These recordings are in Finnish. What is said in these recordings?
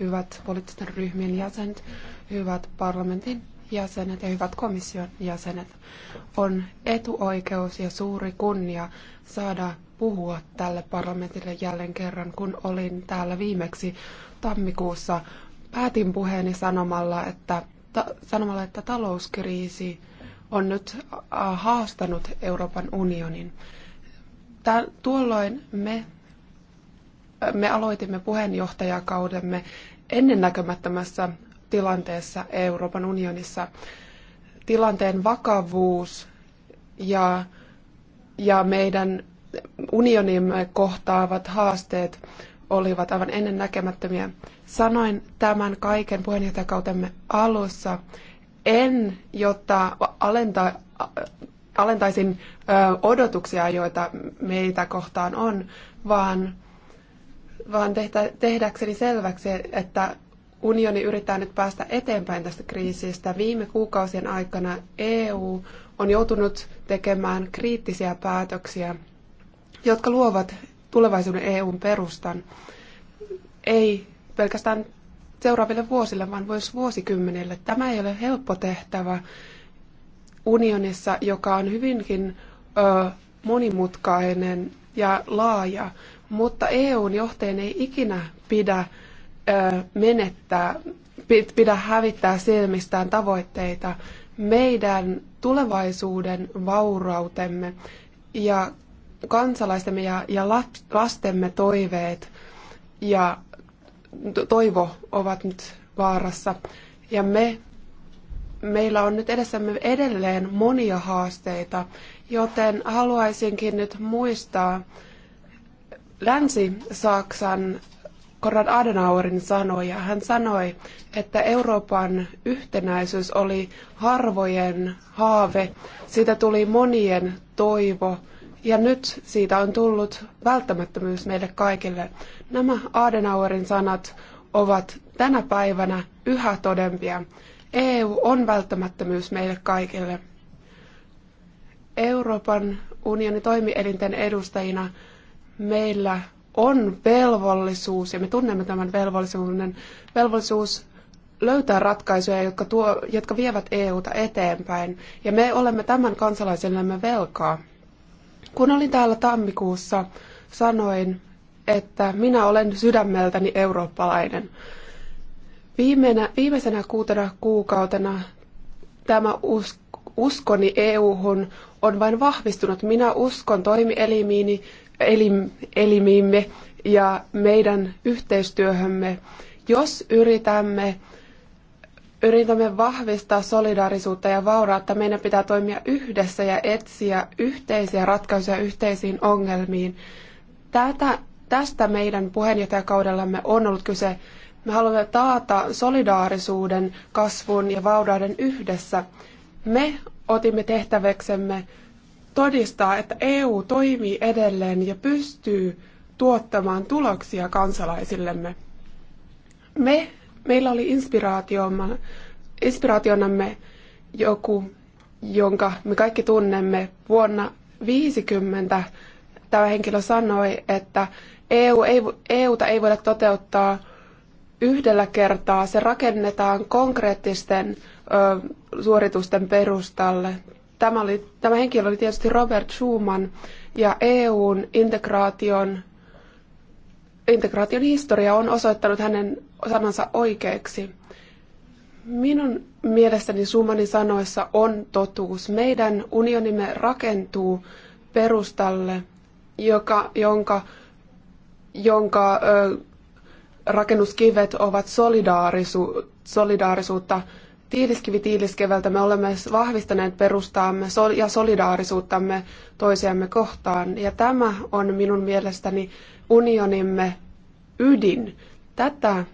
hyvät poliittisten ryhmien jäsenet, hyvät parlamentin jäsenet ja hyvät komission jäsenet. On etuoikeus ja suuri kunnia saada puhua tälle parlamentille jälleen kerran, kun olin täällä viimeksi tammikuussa. Päätin puheeni sanomalla, että, ta, sanomalla, että talouskriisi on nyt haastanut Euroopan unionin. Tää, tuolloin me me aloitimme puheenjohtajakaudemme ennennäkemättömässä tilanteessa Euroopan unionissa. Tilanteen vakavuus ja, ja meidän unionimme kohtaavat haasteet olivat aivan ennennäkemättömiä. Sanoin tämän kaiken puheenjohtajakautemme alussa, en, jotta alenta, alentaisin odotuksia, joita meitä kohtaan on, vaan vaan tehtä, tehdäkseni selväksi, että unioni yrittää nyt päästä eteenpäin tästä kriisistä. Viime kuukausien aikana EU on joutunut tekemään kriittisiä päätöksiä, jotka luovat tulevaisuuden EUn perustan. Ei pelkästään seuraaville vuosille, vaan myös vuosikymmenille. Tämä ei ole helppo tehtävä unionissa, joka on hyvinkin ö, monimutkainen ja laaja mutta EUn johtajien ei ikinä pidä menettää, pidä hävittää silmistään tavoitteita. Meidän tulevaisuuden vaurautemme ja kansalaistemme ja, ja lastemme toiveet ja toivo ovat nyt vaarassa. Ja me, meillä on nyt edessämme edelleen monia haasteita, joten haluaisinkin nyt muistaa, Länsi-Saksan Konrad Adenauerin sanoja. Hän sanoi, että Euroopan yhtenäisyys oli harvojen haave, siitä tuli monien toivo ja nyt siitä on tullut välttämättömyys meille kaikille. Nämä Adenauerin sanat ovat tänä päivänä yhä todempia. EU on välttämättömyys meille kaikille. Euroopan unionin toimielinten edustajina meillä on velvollisuus, ja me tunnemme tämän velvollisuuden, velvollisuus löytää ratkaisuja, jotka, tuo, jotka vievät EUta eteenpäin. Ja me olemme tämän kansalaisillemme velkaa. Kun olin täällä tammikuussa, sanoin, että minä olen sydämeltäni eurooppalainen. Viimeinä, viimeisenä kuutena kuukautena tämä usk, uskoni EU-hun on vain vahvistunut. Minä uskon toimielimiini, elimiimme ja meidän yhteistyöhömme, jos yritämme, yritämme vahvistaa solidaarisuutta ja vaurautta. Meidän pitää toimia yhdessä ja etsiä yhteisiä ratkaisuja yhteisiin ongelmiin. Tätä, tästä meidän puheenjohtajakaudellamme on ollut kyse. Me haluamme taata solidaarisuuden, kasvun ja vaurauden yhdessä. Me otimme tehtäväksemme todistaa, että EU toimii edelleen ja pystyy tuottamaan tuloksia kansalaisillemme. Me, meillä oli inspiraationamme joku, jonka me kaikki tunnemme vuonna 50. Tämä henkilö sanoi, että EU ei, EUta ei voida toteuttaa yhdellä kertaa. Se rakennetaan konkreettisten ö, suoritusten perustalle. Tämä, oli, tämä henkilö oli tietysti Robert Schuman ja EUn integraation, integraation historia on osoittanut hänen sanansa oikeaksi. Minun mielestäni Schumanin sanoissa on totuus. Meidän unionimme rakentuu perustalle, joka, jonka, jonka ö, rakennuskivet ovat solidaarisu, solidaarisuutta, tiiliskivi tiiliskevältä me olemme vahvistaneet perustaamme ja solidaarisuuttamme toisiamme kohtaan. Ja tämä on minun mielestäni unionimme ydin. Tätä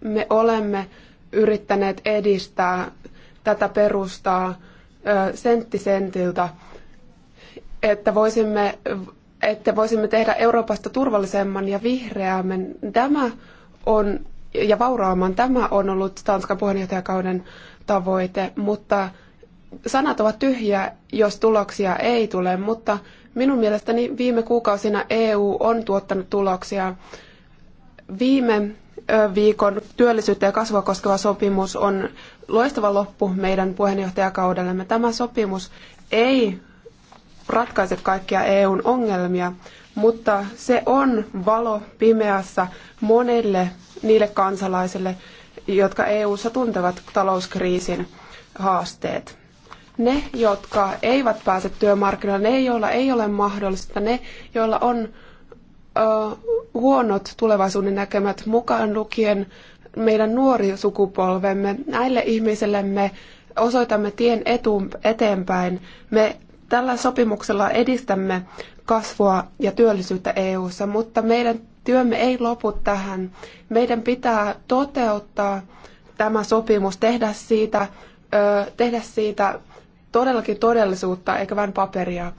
me olemme yrittäneet edistää, tätä perustaa sentti sentiltä, että voisimme, että voisimme tehdä Euroopasta turvallisemman ja vihreämmän. Tämä on ja vauraamman. Tämä on ollut Tanskan puheenjohtajakauden tavoite, mutta sanat ovat tyhjiä, jos tuloksia ei tule, mutta minun mielestäni viime kuukausina EU on tuottanut tuloksia. Viime viikon työllisyyttä ja kasvua koskeva sopimus on loistava loppu meidän puheenjohtajakaudellemme. Tämä sopimus ei ratkaise kaikkia EUn ongelmia, mutta se on valo pimeässä monille niille kansalaisille, jotka EU:ssa tuntevat talouskriisin haasteet. Ne, jotka eivät pääse työmarkkinoille, ne, joilla ei ole mahdollista, ne, joilla on ö, huonot tulevaisuuden näkemät mukaan lukien meidän nuori sukupolvemme, näille ihmisille me osoitamme tien etuun, eteenpäin. Me tällä sopimuksella edistämme kasvua ja työllisyyttä EU:ssa, mutta meidän työmme ei lopu tähän. Meidän pitää toteuttaa tämä sopimus, tehdä siitä, ö, tehdä siitä todellakin todellisuutta eikä vain paperia.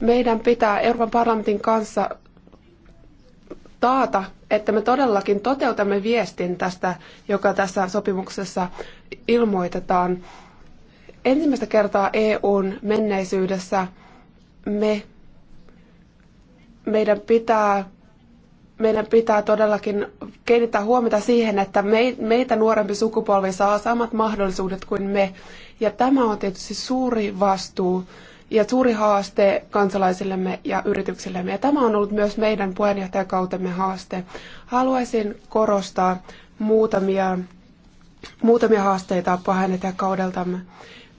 Meidän pitää Euroopan parlamentin kanssa taata, että me todellakin toteutamme viestin tästä, joka tässä sopimuksessa ilmoitetaan. Ensimmäistä kertaa EUn menneisyydessä me, meidän pitää meidän pitää todellakin kiinnittää huomiota siihen, että meitä nuorempi sukupolvi saa samat mahdollisuudet kuin me. Ja tämä on tietysti suuri vastuu ja suuri haaste kansalaisillemme ja yrityksillemme. Ja tämä on ollut myös meidän puheenjohtajakautemme haaste. Haluaisin korostaa muutamia, muutamia haasteita puheenjohtajakaudeltamme.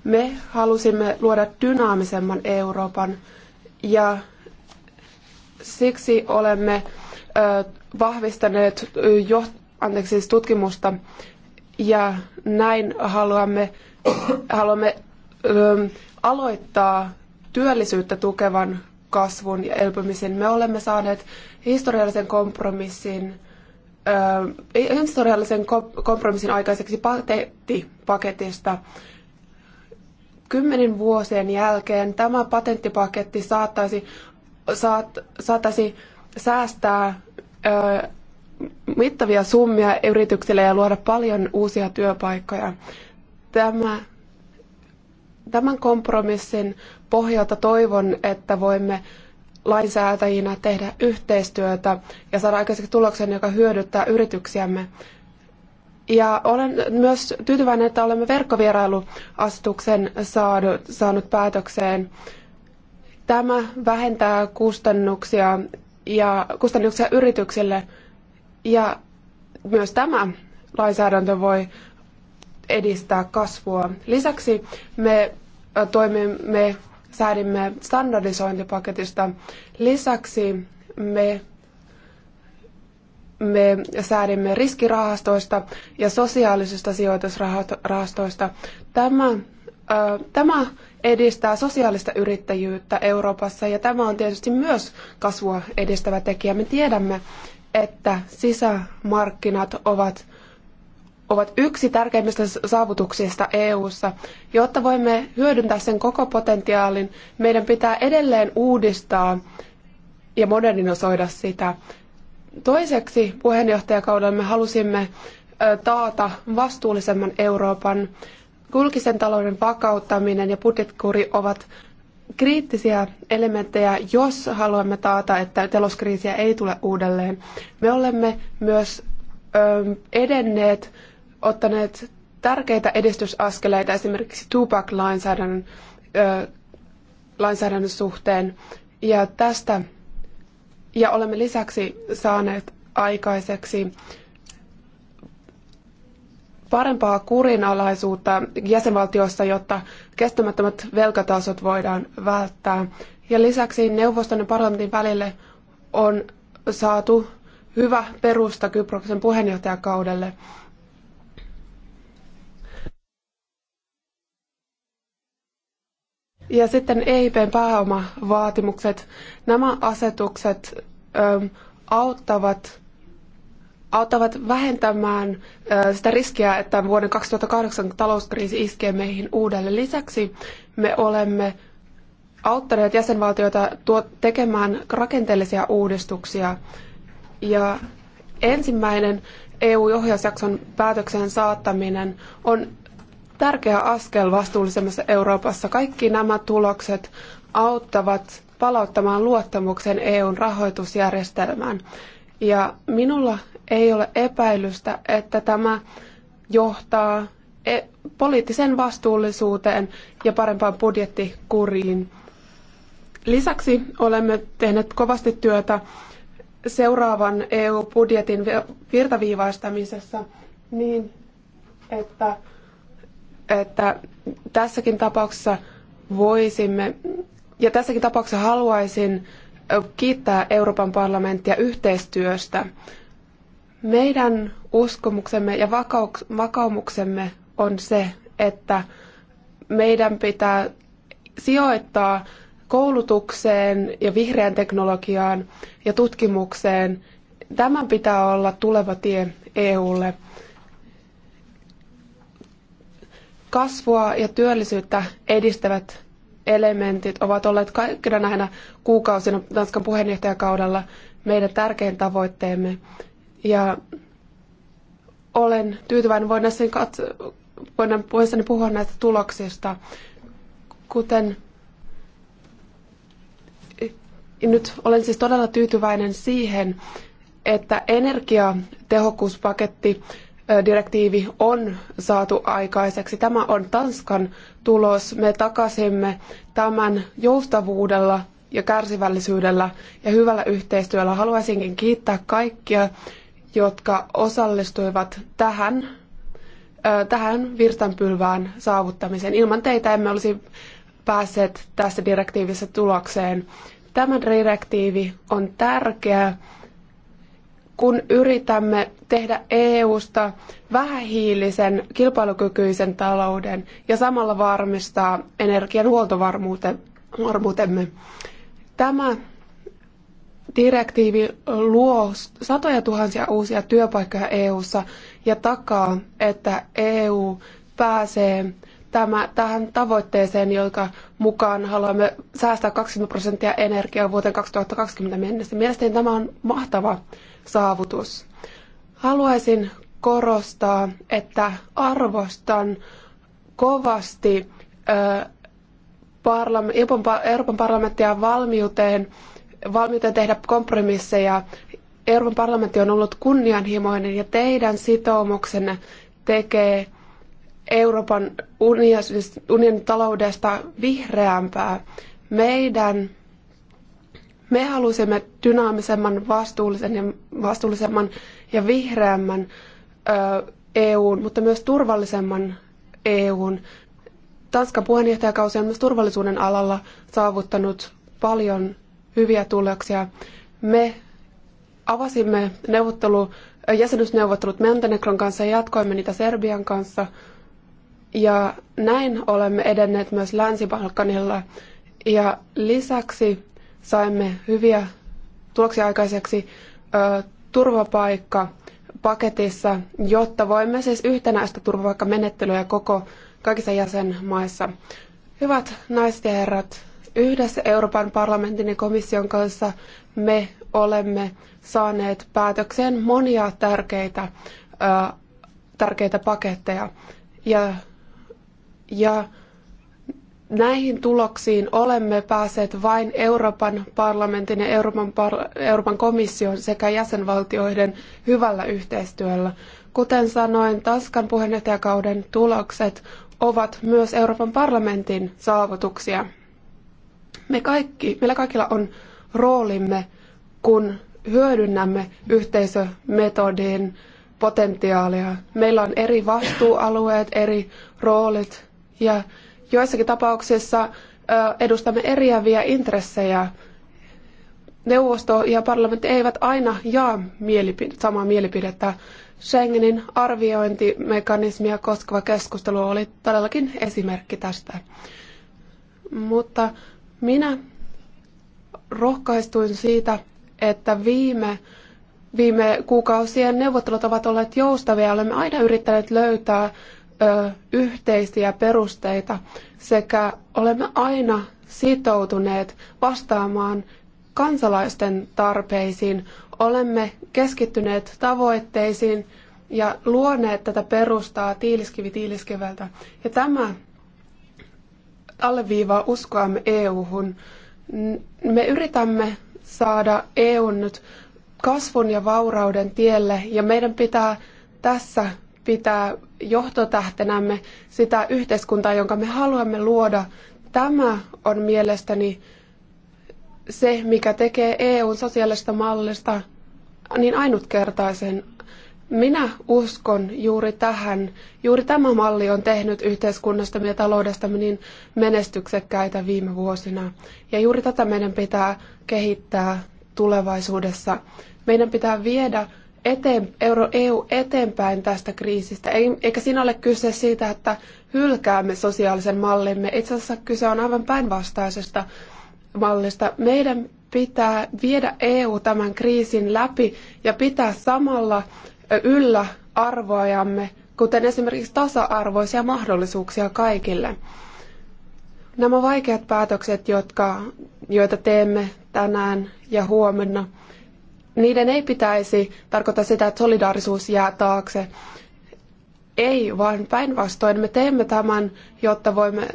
Me halusimme luoda dynaamisemman Euroopan ja siksi olemme vahvistaneet jo, anteeksi, siis tutkimusta ja näin haluamme, haluamme aloittaa työllisyyttä tukevan kasvun ja elpymisen. Me olemme saaneet historiallisen kompromissin historiallisen kompromissin aikaiseksi patenttipaketista. Kymmenen vuosien jälkeen tämä patenttipaketti saattaisi, saat, saattaisi säästää mittavia summia yrityksille ja luoda paljon uusia työpaikkoja. Tämä, tämän kompromissin pohjalta toivon, että voimme lainsäätäjinä tehdä yhteistyötä ja saada aikaiseksi tuloksen, joka hyödyttää yrityksiämme. Ja olen myös tyytyväinen, että olemme verkkovierailuasetuksen saanut päätökseen. Tämä vähentää kustannuksia ja kustannuksia yrityksille. Ja myös tämä lainsäädäntö voi edistää kasvua. Lisäksi me toimimme, säädimme standardisointipaketista. Lisäksi me me säädimme riskirahastoista ja sosiaalisista sijoitusrahastoista. Tämä, tämä edistää sosiaalista yrittäjyyttä Euroopassa ja tämä on tietysti myös kasvua edistävä tekijä. Me tiedämme, että sisämarkkinat ovat ovat yksi tärkeimmistä saavutuksista EU:ssa. Jotta voimme hyödyntää sen koko potentiaalin, meidän pitää edelleen uudistaa ja modernisoida sitä. Toiseksi puheenjohtajakaudella me halusimme taata vastuullisemman Euroopan. Julkisen talouden vakauttaminen ja budjettikuri ovat kriittisiä elementtejä, jos haluamme taata, että talouskriisiä ei tule uudelleen. Me olemme myös edenneet, ottaneet tärkeitä edistysaskeleita esimerkiksi Tupac-lainsäädännön lainsäädännön suhteen. Ja tästä ja olemme lisäksi saaneet aikaiseksi parempaa kurinalaisuutta jäsenvaltioissa, jotta kestämättömät velkatasot voidaan välttää. Ja lisäksi neuvoston ja parlamentin välille on saatu hyvä perusta Kyproksen puheenjohtajakaudelle. Ja sitten EIPn pääomavaatimukset. Nämä asetukset ö, auttavat auttavat vähentämään sitä riskiä, että vuoden 2008 talouskriisi iskee meihin uudelleen. Lisäksi me olemme auttaneet jäsenvaltioita tekemään rakenteellisia uudistuksia. Ja ensimmäinen EU-ohjausjakson päätökseen saattaminen on tärkeä askel vastuullisemmassa Euroopassa. Kaikki nämä tulokset auttavat palauttamaan luottamuksen EUn rahoitusjärjestelmään. Ja minulla ei ole epäilystä, että tämä johtaa e- poliittiseen vastuullisuuteen ja parempaan budjettikuriin. Lisäksi olemme tehneet kovasti työtä seuraavan EU-budjetin virtaviivaistamisessa niin, että, että tässäkin tapauksessa voisimme, ja tässäkin tapauksessa haluaisin kiittää Euroopan parlamenttia yhteistyöstä. Meidän uskomuksemme ja vakaumuksemme on se, että meidän pitää sijoittaa koulutukseen ja vihreään teknologiaan ja tutkimukseen. Tämän pitää olla tuleva tie EUlle. Kasvua ja työllisyyttä edistävät elementit ovat olleet kaikkina näinä kuukausina Tanskan puheenjohtajakaudella meidän tärkein tavoitteemme. Ja olen tyytyväinen voidessani katso, voidaan puheessani puhua näistä tuloksista. Kuten nyt olen siis todella tyytyväinen siihen, että energiatehokkuuspaketti direktiivi on saatu aikaiseksi. Tämä on Tanskan tulos. Me takasimme tämän joustavuudella ja kärsivällisyydellä ja hyvällä yhteistyöllä. Haluaisinkin kiittää kaikkia jotka osallistuivat tähän, tähän virstanpylvään saavuttamiseen. Ilman teitä emme olisi päässeet tässä direktiivissä tulokseen. Tämä direktiivi on tärkeä, kun yritämme tehdä EUsta vähähiilisen, kilpailukykyisen talouden ja samalla varmistaa energian huoltovarmuutemme. Tämä Direktiivi luo satoja tuhansia uusia työpaikkoja EU:ssa ja takaa, että EU pääsee tämä, tähän tavoitteeseen, jonka mukaan haluamme säästää 20 prosenttia energiaa vuoteen 2020 mennessä. Mielestäni tämä on mahtava saavutus. Haluaisin korostaa, että arvostan kovasti Euroopan parlamenttia valmiuteen valmiita tehdä kompromisseja. Euroopan parlamentti on ollut kunnianhimoinen ja teidän sitoumuksenne tekee Euroopan unionin taloudesta vihreämpää. Meidän, me halusimme dynaamisemman, vastuullisen ja, vastuullisemman ja vihreämmän EUn, mutta myös turvallisemman EUn. Tanskan puheenjohtajakausi on myös turvallisuuden alalla saavuttanut paljon hyviä tuloksia. Me avasimme neuvottelu, jäsenyysneuvottelut Montenegron kanssa ja jatkoimme niitä Serbian kanssa. Ja näin olemme edenneet myös Länsi-Balkanilla. Ja lisäksi saimme hyviä tuloksia aikaiseksi ö, turvapaikka paketissa, jotta voimme siis yhtenäistä turvapaikkamenettelyä koko kaikissa jäsenmaissa. Hyvät naiset ja herrat, Yhdessä Euroopan parlamentin ja komission kanssa me olemme saaneet päätökseen monia tärkeitä, tärkeitä paketteja. Ja, ja näihin tuloksiin olemme päässeet vain Euroopan parlamentin ja Euroopan, par- Euroopan komission sekä jäsenvaltioiden hyvällä yhteistyöllä. Kuten sanoin, Tanskan puheenjohtajakauden tulokset ovat myös Euroopan parlamentin saavutuksia. Me kaikki, meillä kaikilla on roolimme, kun hyödynnämme yhteisömetodin potentiaalia. Meillä on eri vastuualueet, eri roolit ja joissakin tapauksissa edustamme eriäviä intressejä. Neuvosto ja parlamentti eivät aina jaa mielipide, samaa mielipidettä. Schengenin arviointimekanismia koskeva keskustelu oli todellakin esimerkki tästä. Mutta minä rohkaistuin siitä, että viime, viime kuukausien neuvottelut ovat olleet joustavia ja olemme aina yrittäneet löytää ö, yhteisiä perusteita sekä olemme aina sitoutuneet vastaamaan kansalaisten tarpeisiin. Olemme keskittyneet tavoitteisiin ja luoneet tätä perustaa tiiliskivi tiiliskiveltä. Ja tämä alleviivaa uskoamme EU-hun. Me yritämme saada EUn nyt kasvun ja vaurauden tielle ja meidän pitää tässä pitää johtotähtenämme sitä yhteiskuntaa, jonka me haluamme luoda. Tämä on mielestäni se, mikä tekee EUn sosiaalista mallista niin ainutkertaisen minä uskon juuri tähän. Juuri tämä malli on tehnyt yhteiskunnastamme ja taloudestamme niin menestyksekkäitä viime vuosina. Ja juuri tätä meidän pitää kehittää tulevaisuudessa. Meidän pitää viedä eteen, euro, EU eteenpäin tästä kriisistä. Eikä siinä ole kyse siitä, että hylkäämme sosiaalisen mallimme. Itse asiassa kyse on aivan päinvastaisesta mallista. Meidän pitää viedä EU tämän kriisin läpi ja pitää samalla yllä arvojamme, kuten esimerkiksi tasa-arvoisia mahdollisuuksia kaikille. Nämä vaikeat päätökset, jotka, joita teemme tänään ja huomenna, niiden ei pitäisi tarkoittaa sitä, että solidaarisuus jää taakse. Ei, vaan päinvastoin me teemme tämän, jotta voimme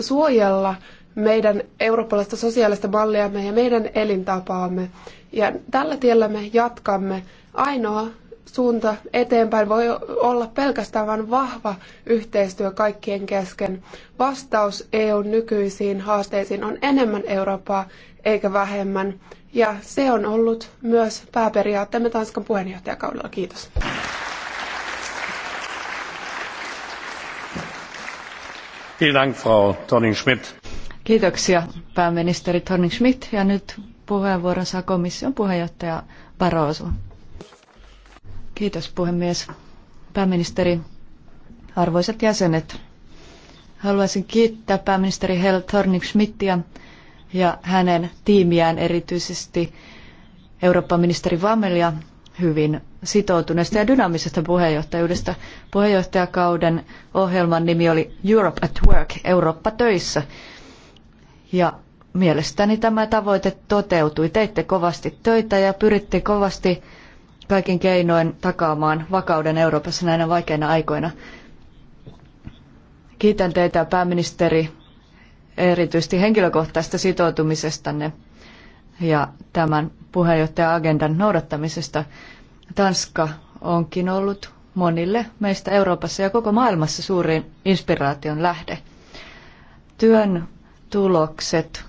suojella meidän eurooppalaista sosiaalista malliamme ja meidän elintapaamme. Ja tällä tiellä me jatkamme. Ainoa suunta eteenpäin voi olla pelkästään vain vahva yhteistyö kaikkien kesken. Vastaus EUn nykyisiin haasteisiin on enemmän Eurooppaa eikä vähemmän. Ja se on ollut myös pääperiaatteemme Tanskan puheenjohtajakaudella. Kiitos. Kiitoksia pääministeri Torning Schmidt ja nyt puheenvuoron saa komission puheenjohtaja Barroso. Kiitos puhemies. Pääministeri, arvoisat jäsenet, haluaisin kiittää pääministeri Hel thorning schmidtia ja hänen tiimiään erityisesti Eurooppa-ministeri Vamelia hyvin sitoutuneesta ja dynaamisesta puheenjohtajuudesta. Puheenjohtajakauden ohjelman nimi oli Europe at Work, Eurooppa töissä. Ja mielestäni tämä tavoite toteutui. Teitte kovasti töitä ja pyritte kovasti kaikin keinoin takaamaan vakauden Euroopassa näinä vaikeina aikoina. Kiitän teitä pääministeri erityisesti henkilökohtaisesta sitoutumisestanne ja tämän puheenjohtaja-agendan noudattamisesta. Tanska onkin ollut monille meistä Euroopassa ja koko maailmassa suurin inspiraation lähde. Työn tulokset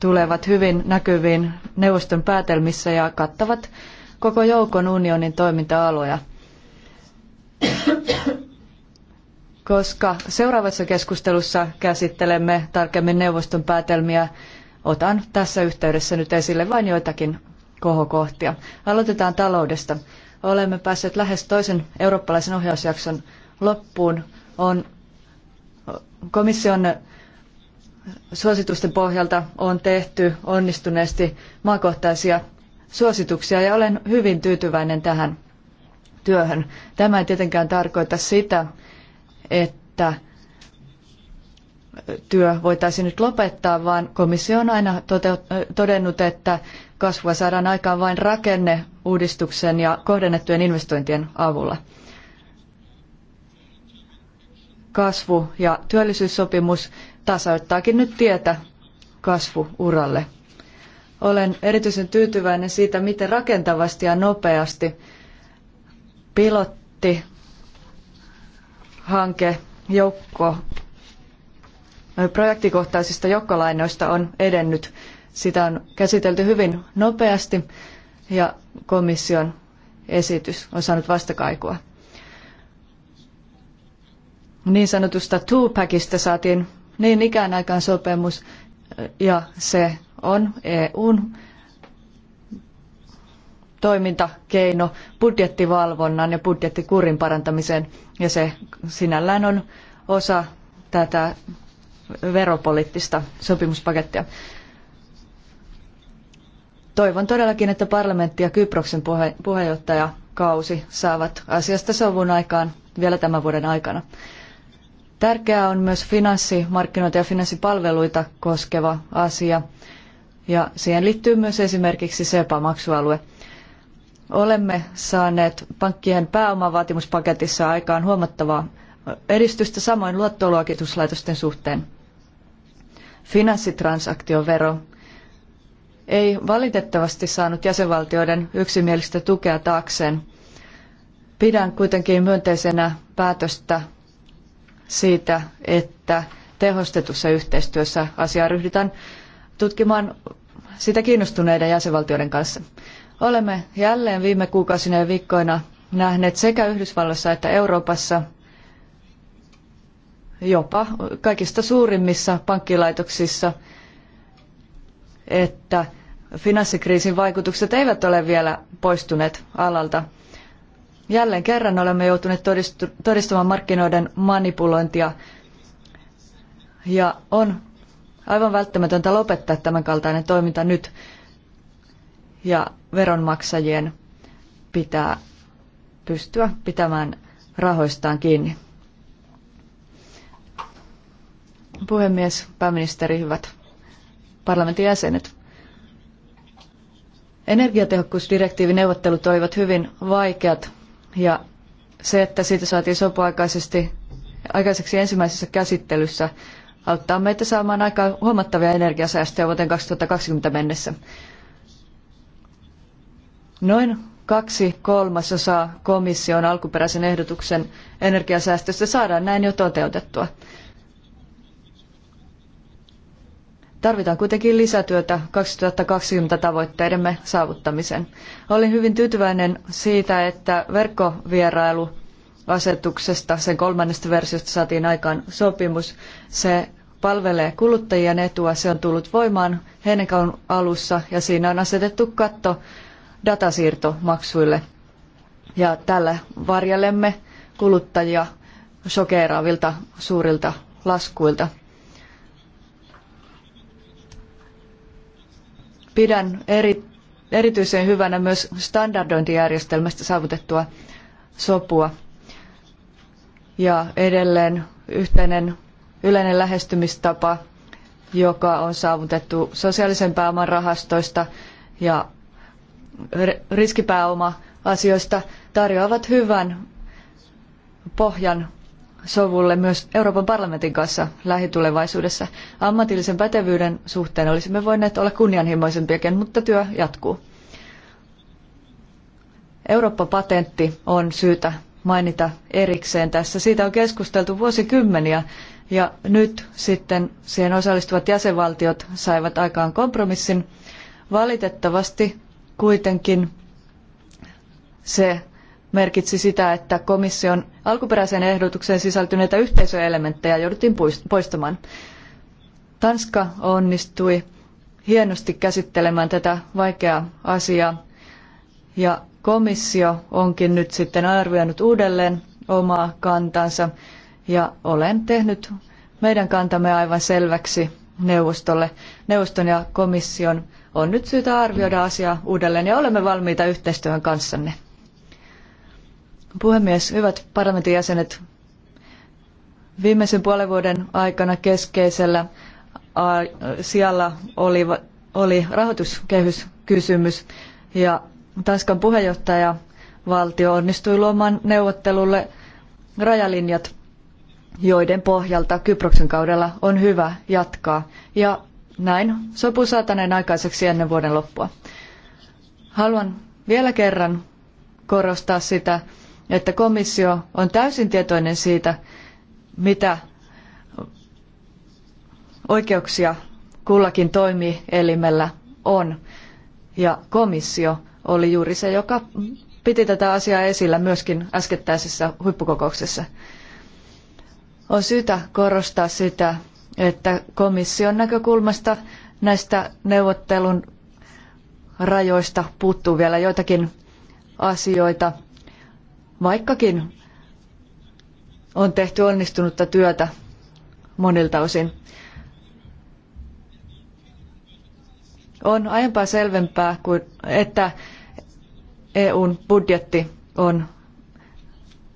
tulevat hyvin näkyviin neuvoston päätelmissä ja kattavat koko joukon unionin toiminta-aloja. Koska seuraavassa keskustelussa käsittelemme tarkemmin neuvoston päätelmiä, otan tässä yhteydessä nyt esille vain joitakin kohokohtia. Aloitetaan taloudesta. Olemme päässeet lähes toisen eurooppalaisen ohjausjakson loppuun. On komission suositusten pohjalta on tehty onnistuneesti maakohtaisia suosituksia ja olen hyvin tyytyväinen tähän työhön. Tämä ei tietenkään tarkoita sitä, että työ voitaisiin nyt lopettaa, vaan komissio on aina todennut, että kasvua saadaan aikaan vain rakenneuudistuksen ja kohdennettujen investointien avulla. Kasvu- ja työllisyyssopimus tasoittaakin nyt tietä kasvuuralle. Olen erityisen tyytyväinen siitä, miten rakentavasti ja nopeasti pilotti hanke joukko projektikohtaisista joukkolainoista on edennyt. Sitä on käsitelty hyvin nopeasti ja komission esitys on saanut vastakaikua. Niin sanotusta two-packista saatiin niin ikään aikaan sopimus ja se on EUn toimintakeino budjettivalvonnan ja budjettikurin parantamiseen ja se sinällään on osa tätä veropoliittista sopimuspakettia. Toivon todellakin, että parlamentti ja Kyproksen puhe- puheenjohtajakausi saavat asiasta sovun aikaan vielä tämän vuoden aikana. Tärkeää on myös finanssimarkkinoita ja finanssipalveluita koskeva asia ja siihen liittyy myös esimerkiksi SEPA-maksualue. Olemme saaneet pankkien pääomavaatimuspaketissa aikaan huomattavaa edistystä samoin luottoluokituslaitosten suhteen. Finanssitransaktiovero ei valitettavasti saanut jäsenvaltioiden yksimielistä tukea taakseen. Pidän kuitenkin myönteisenä päätöstä siitä, että tehostetussa yhteistyössä asiaa ryhdytään tutkimaan sitä kiinnostuneiden jäsenvaltioiden kanssa. Olemme jälleen viime kuukausina ja viikkoina nähneet sekä Yhdysvalloissa että Euroopassa jopa kaikista suurimmissa pankkilaitoksissa, että finanssikriisin vaikutukset eivät ole vielä poistuneet alalta. Jälleen kerran olemme joutuneet todistamaan markkinoiden manipulointia ja on aivan välttämätöntä lopettaa tämän kaltainen toiminta nyt. Ja veronmaksajien pitää pystyä pitämään rahoistaan kiinni. Puhemies, pääministeri, hyvät parlamentin jäsenet. Energiatehokkuusdirektiivin neuvottelut olivat hyvin vaikeat ja se, että siitä saatiin sopu aikaiseksi ensimmäisessä käsittelyssä, auttaa meitä saamaan aika huomattavia energiasäästöjä vuoteen 2020 mennessä. Noin kaksi kolmasosaa komission alkuperäisen ehdotuksen energiasäästöstä saadaan näin jo toteutettua. Tarvitaan kuitenkin lisätyötä 2020 tavoitteidemme saavuttamiseen. Olin hyvin tyytyväinen siitä, että verkkovierailu asetuksesta, sen kolmannesta versiosta saatiin aikaan sopimus. Se palvelee kuluttajien etua, se on tullut voimaan heinäkuun alussa ja siinä on asetettu katto datasiirtomaksuille. Ja tällä varjelemme kuluttajia shokeeraavilta suurilta laskuilta. Pidän eri, erityisen hyvänä myös standardointijärjestelmästä saavutettua sopua ja edelleen yhteinen yleinen lähestymistapa, joka on saavutettu sosiaalisen pääoman rahastoista ja riskipääoma-asioista, tarjoavat hyvän pohjan sovulle myös Euroopan parlamentin kanssa lähitulevaisuudessa. Ammatillisen pätevyyden suhteen olisimme voineet olla kunnianhimoisempiakin, mutta työ jatkuu. Eurooppa-patentti on syytä mainita erikseen tässä. Siitä on keskusteltu vuosikymmeniä ja nyt sitten siihen osallistuvat jäsenvaltiot saivat aikaan kompromissin. Valitettavasti kuitenkin se merkitsi sitä, että komission alkuperäiseen ehdotukseen sisältyneitä yhteisöelementtejä jouduttiin poistamaan. Tanska onnistui hienosti käsittelemään tätä vaikeaa asiaa ja Komissio onkin nyt sitten arvioinut uudelleen omaa kantansa ja olen tehnyt meidän kantamme aivan selväksi neuvostolle. Neuvoston ja komission on nyt syytä arvioida asiaa uudelleen ja olemme valmiita yhteistyöhön kanssanne. Puhemies, hyvät parlamentin jäsenet, viimeisen puolen vuoden aikana keskeisellä sijalla oli, oli rahoituskehyskysymys ja Tanskan puheenjohtajavaltio onnistui luomaan neuvottelulle rajalinjat, joiden pohjalta Kyproksen kaudella on hyvä jatkaa. Ja näin sopu saataneen aikaiseksi ennen vuoden loppua. Haluan vielä kerran korostaa sitä, että komissio on täysin tietoinen siitä, mitä oikeuksia kullakin toimielimellä on. Ja komissio oli juuri se, joka piti tätä asiaa esillä myöskin äskettäisessä huippukokouksessa. On syytä korostaa sitä, että komission näkökulmasta näistä neuvottelun rajoista puuttuu vielä joitakin asioita, vaikkakin on tehty onnistunutta työtä monilta osin. On aiempaa selvempää, kuin, että EUn budjetti on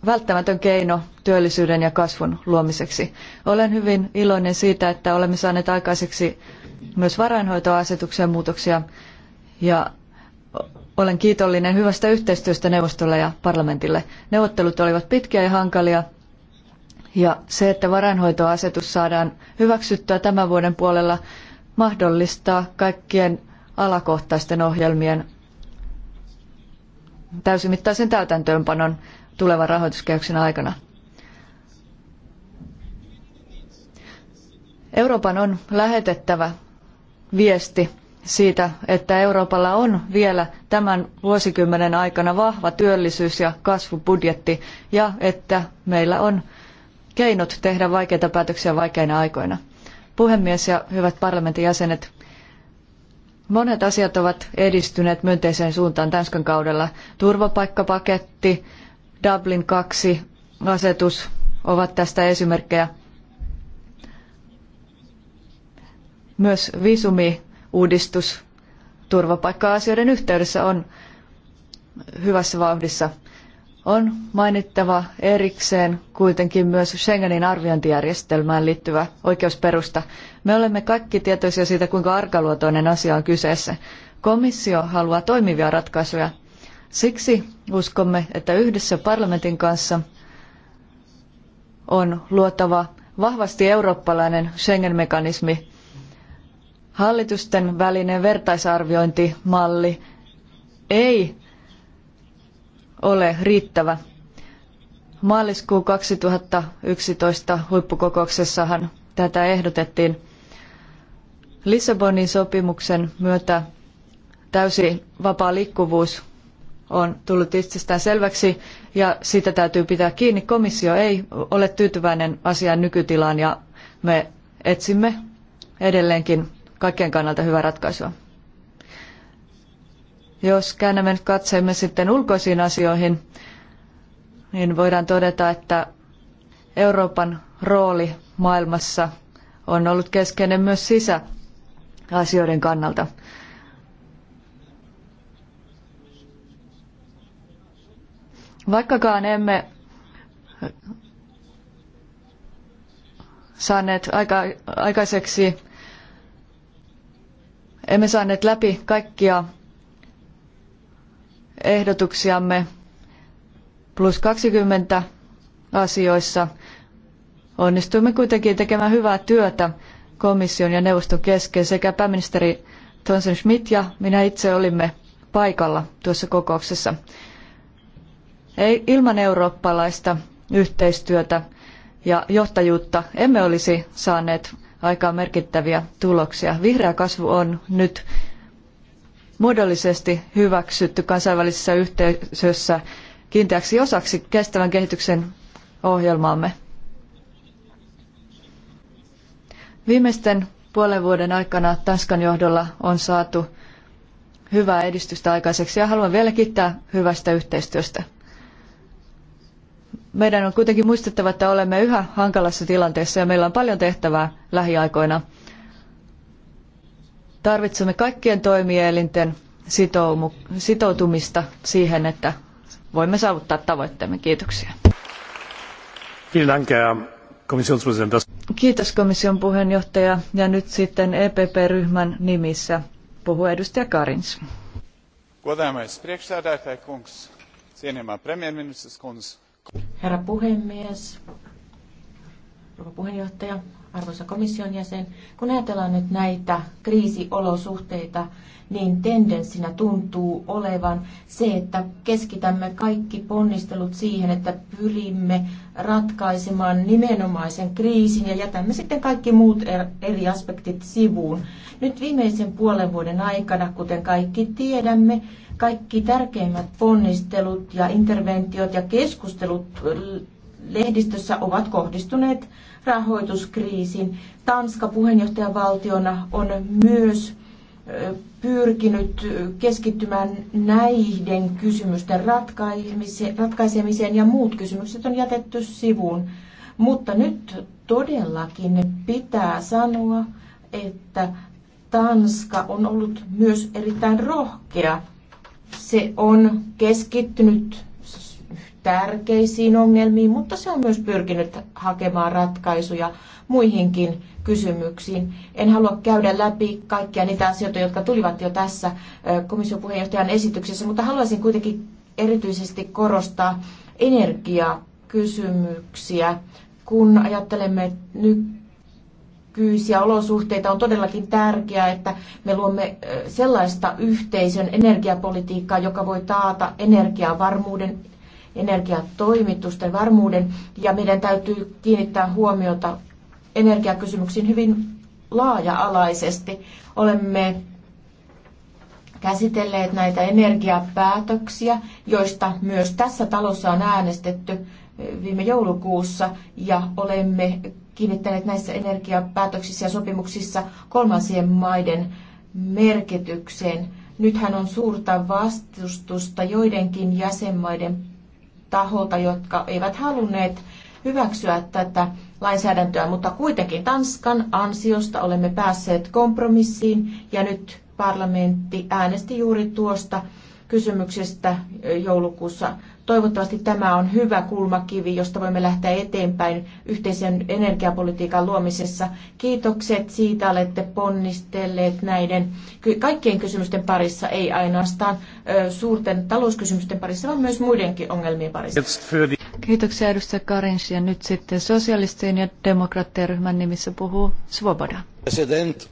välttämätön keino työllisyyden ja kasvun luomiseksi. Olen hyvin iloinen siitä, että olemme saaneet aikaiseksi myös varainhoitoasetuksen muutoksia ja olen kiitollinen hyvästä yhteistyöstä neuvostolle ja parlamentille. Neuvottelut olivat pitkiä ja hankalia ja se, että varainhoitoasetus saadaan hyväksyttyä tämän vuoden puolella mahdollistaa kaikkien alakohtaisten ohjelmien täysimittaisen täytäntöönpanon tulevan rahoituskehyksen aikana. Euroopan on lähetettävä viesti siitä, että Euroopalla on vielä tämän vuosikymmenen aikana vahva työllisyys- ja kasvubudjetti ja että meillä on keinot tehdä vaikeita päätöksiä vaikeina aikoina. Puhemies ja hyvät parlamentin jäsenet, Monet asiat ovat edistyneet myönteiseen suuntaan Tanskan kaudella. Turvapaikkapaketti, Dublin 2 asetus ovat tästä esimerkkejä. Myös viisumiuudistus turvapaikka-asioiden yhteydessä on hyvässä vauhdissa – on mainittava erikseen kuitenkin myös Schengenin arviointijärjestelmään liittyvä oikeusperusta. Me olemme kaikki tietoisia siitä, kuinka arkaluotoinen asia on kyseessä. Komissio haluaa toimivia ratkaisuja. Siksi uskomme, että yhdessä parlamentin kanssa on luotava vahvasti eurooppalainen Schengen-mekanismi, hallitusten välinen vertaisarviointimalli ei ole riittävä. Maaliskuun 2011 huippukokouksessahan tätä ehdotettiin. Lissabonin sopimuksen myötä täysi vapaa liikkuvuus on tullut itsestään selväksi ja siitä täytyy pitää kiinni. Komissio ei ole tyytyväinen asian nykytilaan ja me etsimme edelleenkin kaikkien kannalta hyvää ratkaisua. Jos käännämme nyt katseemme sitten ulkoisiin asioihin, niin voidaan todeta, että Euroopan rooli maailmassa on ollut keskeinen myös sisäasioiden kannalta. Vaikkakaan emme saaneet aika, aikaiseksi, emme saaneet läpi kaikkia ehdotuksiamme plus 20 asioissa onnistuimme kuitenkin tekemään hyvää työtä komission ja neuvoston kesken sekä pääministeri Thomson Schmidt ja minä itse olimme paikalla tuossa kokouksessa. Ei, ilman eurooppalaista yhteistyötä ja johtajuutta emme olisi saaneet aikaan merkittäviä tuloksia. Vihreä kasvu on nyt muodollisesti hyväksytty kansainvälisessä yhteisössä kiinteäksi osaksi kestävän kehityksen ohjelmaamme. Viimeisten puolen vuoden aikana Tanskan johdolla on saatu hyvää edistystä aikaiseksi ja haluan vielä kiittää hyvästä yhteistyöstä. Meidän on kuitenkin muistettava, että olemme yhä hankalassa tilanteessa ja meillä on paljon tehtävää lähiaikoina – Tarvitsemme kaikkien toimielinten sitoutumista siihen, että voimme saavuttaa tavoitteemme. Kiitoksia. Kiitos komission puheenjohtaja. Ja nyt sitten EPP-ryhmän nimissä puhuu edustaja Karins. Herra puhemies, rouva puheenjohtaja, arvoisa komission jäsen, kun ajatellaan nyt näitä kriisiolosuhteita, niin tendenssinä tuntuu olevan se, että keskitämme kaikki ponnistelut siihen, että pyrimme ratkaisemaan nimenomaisen kriisin ja jätämme sitten kaikki muut er-, eri aspektit sivuun. Nyt viimeisen puolen vuoden aikana, kuten kaikki tiedämme, kaikki tärkeimmät ponnistelut ja interventiot ja keskustelut äh, lehdistössä ovat kohdistuneet rahoituskriisin. Tanska puheenjohtajavaltiona on myös pyrkinyt keskittymään näiden kysymysten ratkaisemiseen ja muut kysymykset on jätetty sivuun. Mutta nyt todellakin pitää sanoa, että Tanska on ollut myös erittäin rohkea. Se on keskittynyt tärkeisiin ongelmiin, mutta se on myös pyrkinyt hakemaan ratkaisuja muihinkin kysymyksiin. En halua käydä läpi kaikkia niitä asioita, jotka tulivat jo tässä komission puheenjohtajan esityksessä, mutta haluaisin kuitenkin erityisesti korostaa energiakysymyksiä. Kun ajattelemme kyysiä olosuhteita, on todellakin tärkeää, että me luomme sellaista yhteisön energiapolitiikkaa, joka voi taata energiavarmuuden energiatoimitusten varmuuden ja meidän täytyy kiinnittää huomiota energiakysymyksiin hyvin laaja-alaisesti. Olemme käsitelleet näitä energiapäätöksiä, joista myös tässä talossa on äänestetty viime joulukuussa ja olemme kiinnittäneet näissä energiapäätöksissä ja sopimuksissa kolmansien maiden merkitykseen. Nythän on suurta vastustusta joidenkin jäsenmaiden taholta, jotka eivät halunneet hyväksyä tätä lainsäädäntöä, mutta kuitenkin Tanskan ansiosta olemme päässeet kompromissiin ja nyt parlamentti äänesti juuri tuosta kysymyksestä joulukuussa Toivottavasti tämä on hyvä kulmakivi, josta voimme lähteä eteenpäin yhteisen energiapolitiikan luomisessa. Kiitokset siitä, olette ponnistelleet näiden kaikkien kysymysten parissa, ei ainoastaan suurten talouskysymysten parissa, vaan myös muidenkin ongelmien parissa. Kiitoksia edustaja Karins ja nyt sitten sosialistien ja demokraattien ryhmän nimissä puhuu Svoboda. President.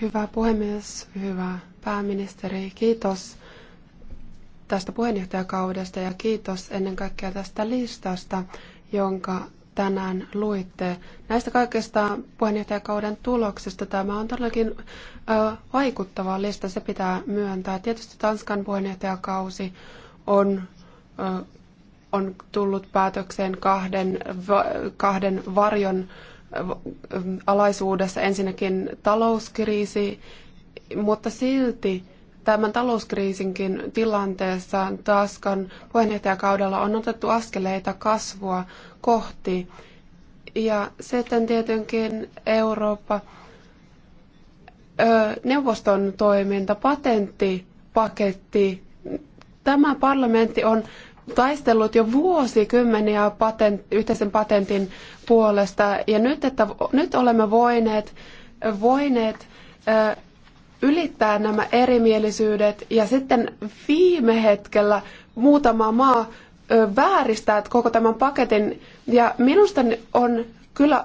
Hyvä puhemies, hyvä pääministeri, kiitos tästä puheenjohtajakaudesta ja kiitos ennen kaikkea tästä listasta, jonka tänään luitte. Näistä kaikista puheenjohtajakauden tuloksista tämä on todellakin ö, vaikuttava lista, se pitää myöntää. Tietysti Tanskan puheenjohtajakausi on, ö, on tullut päätökseen kahden, va, kahden varjon alaisuudessa. Ensinnäkin talouskriisi, mutta silti tämän talouskriisinkin tilanteessa Tanskan puheenjohtajakaudella on otettu askeleita kasvua kohti. Ja sitten tietenkin Eurooppa neuvoston toiminta, patenttipaketti. Tämä parlamentti on taistellut jo vuosikymmeniä patent, yhteisen patentin puolesta ja nyt, että, nyt olemme voineet, voineet ö, ylittää nämä erimielisyydet ja sitten viime hetkellä muutama maa vääristää koko tämän paketin. Ja minusta on kyllä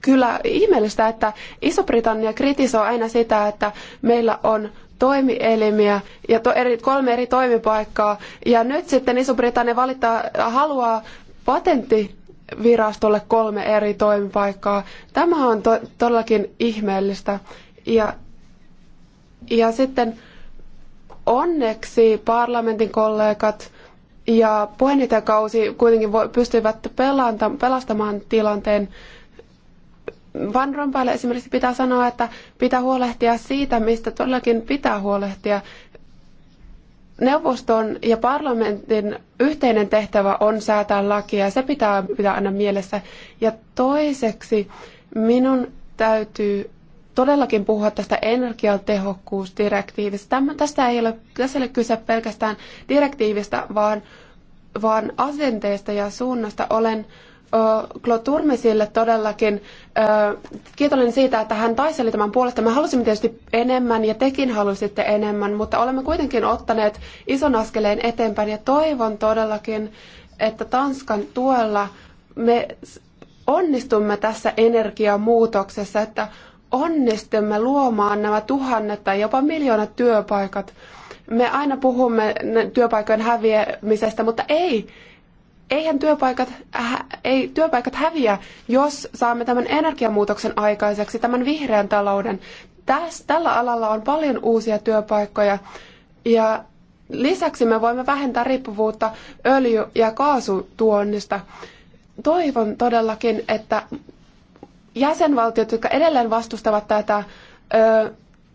kyllä ihmeellistä, että Iso-Britannia kritisoi aina sitä, että meillä on toimielimiä ja to, eri, kolme eri toimipaikkaa. Ja nyt sitten Iso-Britannia valittaa, haluaa patentti virastolle kolme eri toimipaikkaa. Tämä on to, todellakin ihmeellistä. Ja ja sitten onneksi parlamentin kollegat ja puheenjohtajakausi kuitenkin pystyivät pelastamaan tilanteen. Van Rompuylle esimerkiksi pitää sanoa, että pitää huolehtia siitä, mistä todellakin pitää huolehtia. Neuvoston ja parlamentin yhteinen tehtävä on säätää lakia, se pitää pitää aina mielessä. Ja toiseksi minun täytyy todellakin puhua tästä energiatehokkuusdirektiivistä. Tämä, tästä ei ole, tässä ei ole kyse pelkästään direktiivistä, vaan, vaan asenteesta ja suunnasta. Olen Claude Turmesille todellakin kiitollinen siitä, että hän taisteli tämän puolesta. Me halusimme tietysti enemmän ja tekin halusitte enemmän, mutta olemme kuitenkin ottaneet ison askeleen eteenpäin ja toivon todellakin, että Tanskan tuella me onnistumme tässä energiamuutoksessa, että onnistumme luomaan nämä tuhannet tai jopa miljoonat työpaikat. Me aina puhumme työpaikojen häviämisestä, mutta ei, eihän työpaikat, äh, ei työpaikat häviä, jos saamme tämän energiamuutoksen aikaiseksi, tämän vihreän talouden. Täs, tällä alalla on paljon uusia työpaikkoja ja lisäksi me voimme vähentää riippuvuutta öljy- ja kaasutuonnista. Toivon todellakin, että jäsenvaltiot, jotka edelleen vastustavat tätä,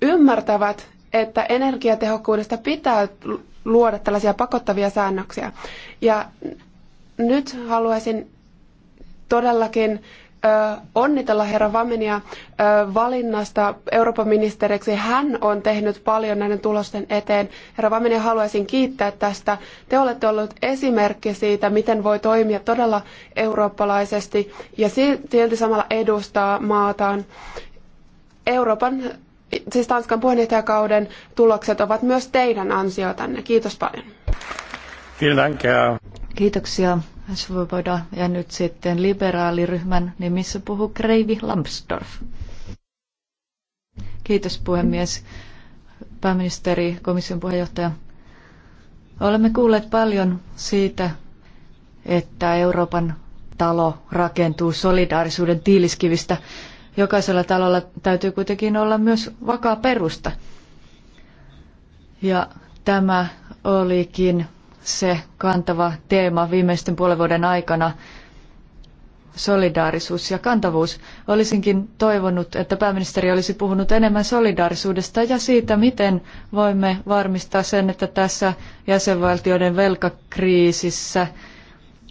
ymmärtävät, että energiatehokkuudesta pitää luoda tällaisia pakottavia säännöksiä. Ja nyt haluaisin todellakin onnitella herra Vamenia valinnasta Euroopan ministeriksi. Hän on tehnyt paljon näiden tulosten eteen. Herra Vamenia, haluaisin kiittää tästä. Te olette ollut esimerkki siitä, miten voi toimia todella eurooppalaisesti ja silti samalla edustaa maataan. Euroopan, siis Tanskan puheenjohtajakauden tulokset ovat myös teidän ansiotanne. Kiitos paljon. Kiitoksia. Svoboda ja nyt sitten liberaaliryhmän nimissä puhuu Kreivi Lambsdorff. Kiitos puhemies. Pääministeri, komission puheenjohtaja. Olemme kuulleet paljon siitä, että Euroopan talo rakentuu solidaarisuuden tiiliskivistä. Jokaisella talolla täytyy kuitenkin olla myös vakaa perusta. Ja tämä olikin se kantava teema viimeisten puolen vuoden aikana, solidaarisuus ja kantavuus. Olisinkin toivonut, että pääministeri olisi puhunut enemmän solidaarisuudesta ja siitä, miten voimme varmistaa sen, että tässä jäsenvaltioiden velkakriisissä,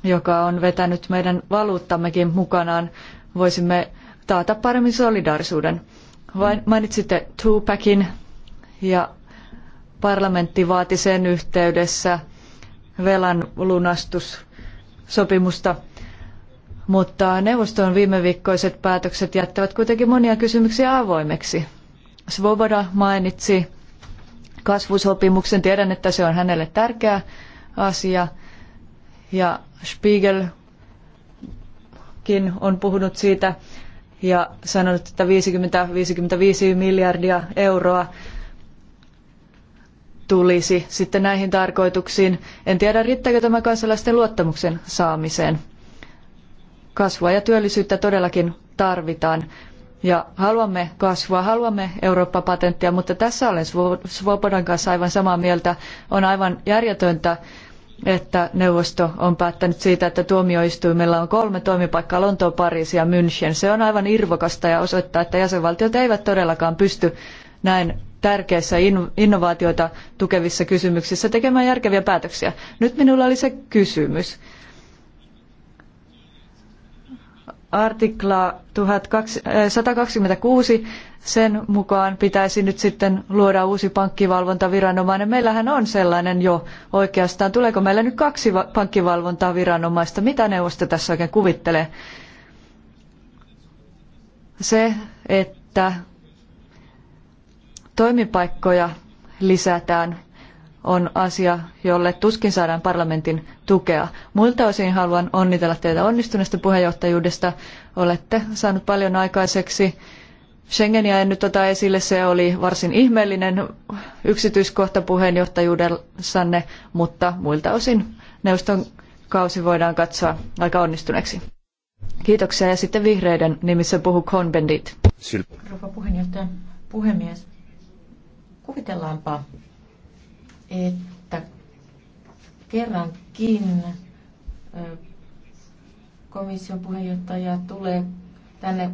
joka on vetänyt meidän valuuttammekin mukanaan, voisimme taata paremmin solidaarisuuden. Vain mainitsitte Tupacin ja parlamentti vaati sen yhteydessä – velan lunastussopimusta, mutta neuvoston viime viikkoiset päätökset jättävät kuitenkin monia kysymyksiä avoimeksi. Svoboda mainitsi kasvusopimuksen. Tiedän, että se on hänelle tärkeä asia. Ja Spiegelkin on puhunut siitä ja sanonut, että 50-55 miljardia euroa tulisi sitten näihin tarkoituksiin. En tiedä, riittääkö tämä kansalaisten luottamuksen saamiseen. Kasvua ja työllisyyttä todellakin tarvitaan. Ja haluamme kasvua, haluamme Eurooppa-patenttia, mutta tässä olen Svobodan kanssa aivan samaa mieltä. On aivan järjetöntä, että neuvosto on päättänyt siitä, että tuomioistuimella on kolme toimipaikkaa Lonto, Pariisi ja München. Se on aivan irvokasta ja osoittaa, että jäsenvaltiot eivät todellakaan pysty näin tärkeissä innovaatioita tukevissa kysymyksissä tekemään järkeviä päätöksiä. Nyt minulla oli se kysymys. Artikla 126, äh, sen mukaan pitäisi nyt sitten luoda uusi pankkivalvontaviranomainen. Meillähän on sellainen jo oikeastaan. Tuleeko meillä nyt kaksi pankkivalvontaviranomaista? Mitä neuvosto tässä oikein kuvittelee? Se, että toimipaikkoja lisätään on asia, jolle tuskin saadaan parlamentin tukea. Muilta osin haluan onnitella teitä onnistuneesta puheenjohtajuudesta. Olette saanut paljon aikaiseksi. Schengeniä en nyt ota esille, se oli varsin ihmeellinen yksityiskohta puheenjohtajuudessanne, mutta muilta osin neuvoston kausi voidaan katsoa aika onnistuneeksi. Kiitoksia ja sitten vihreiden nimissä puhu Bendit. Rouva puhemies, Kuvitellaanpa, että kerrankin komission puheenjohtaja tulee tänne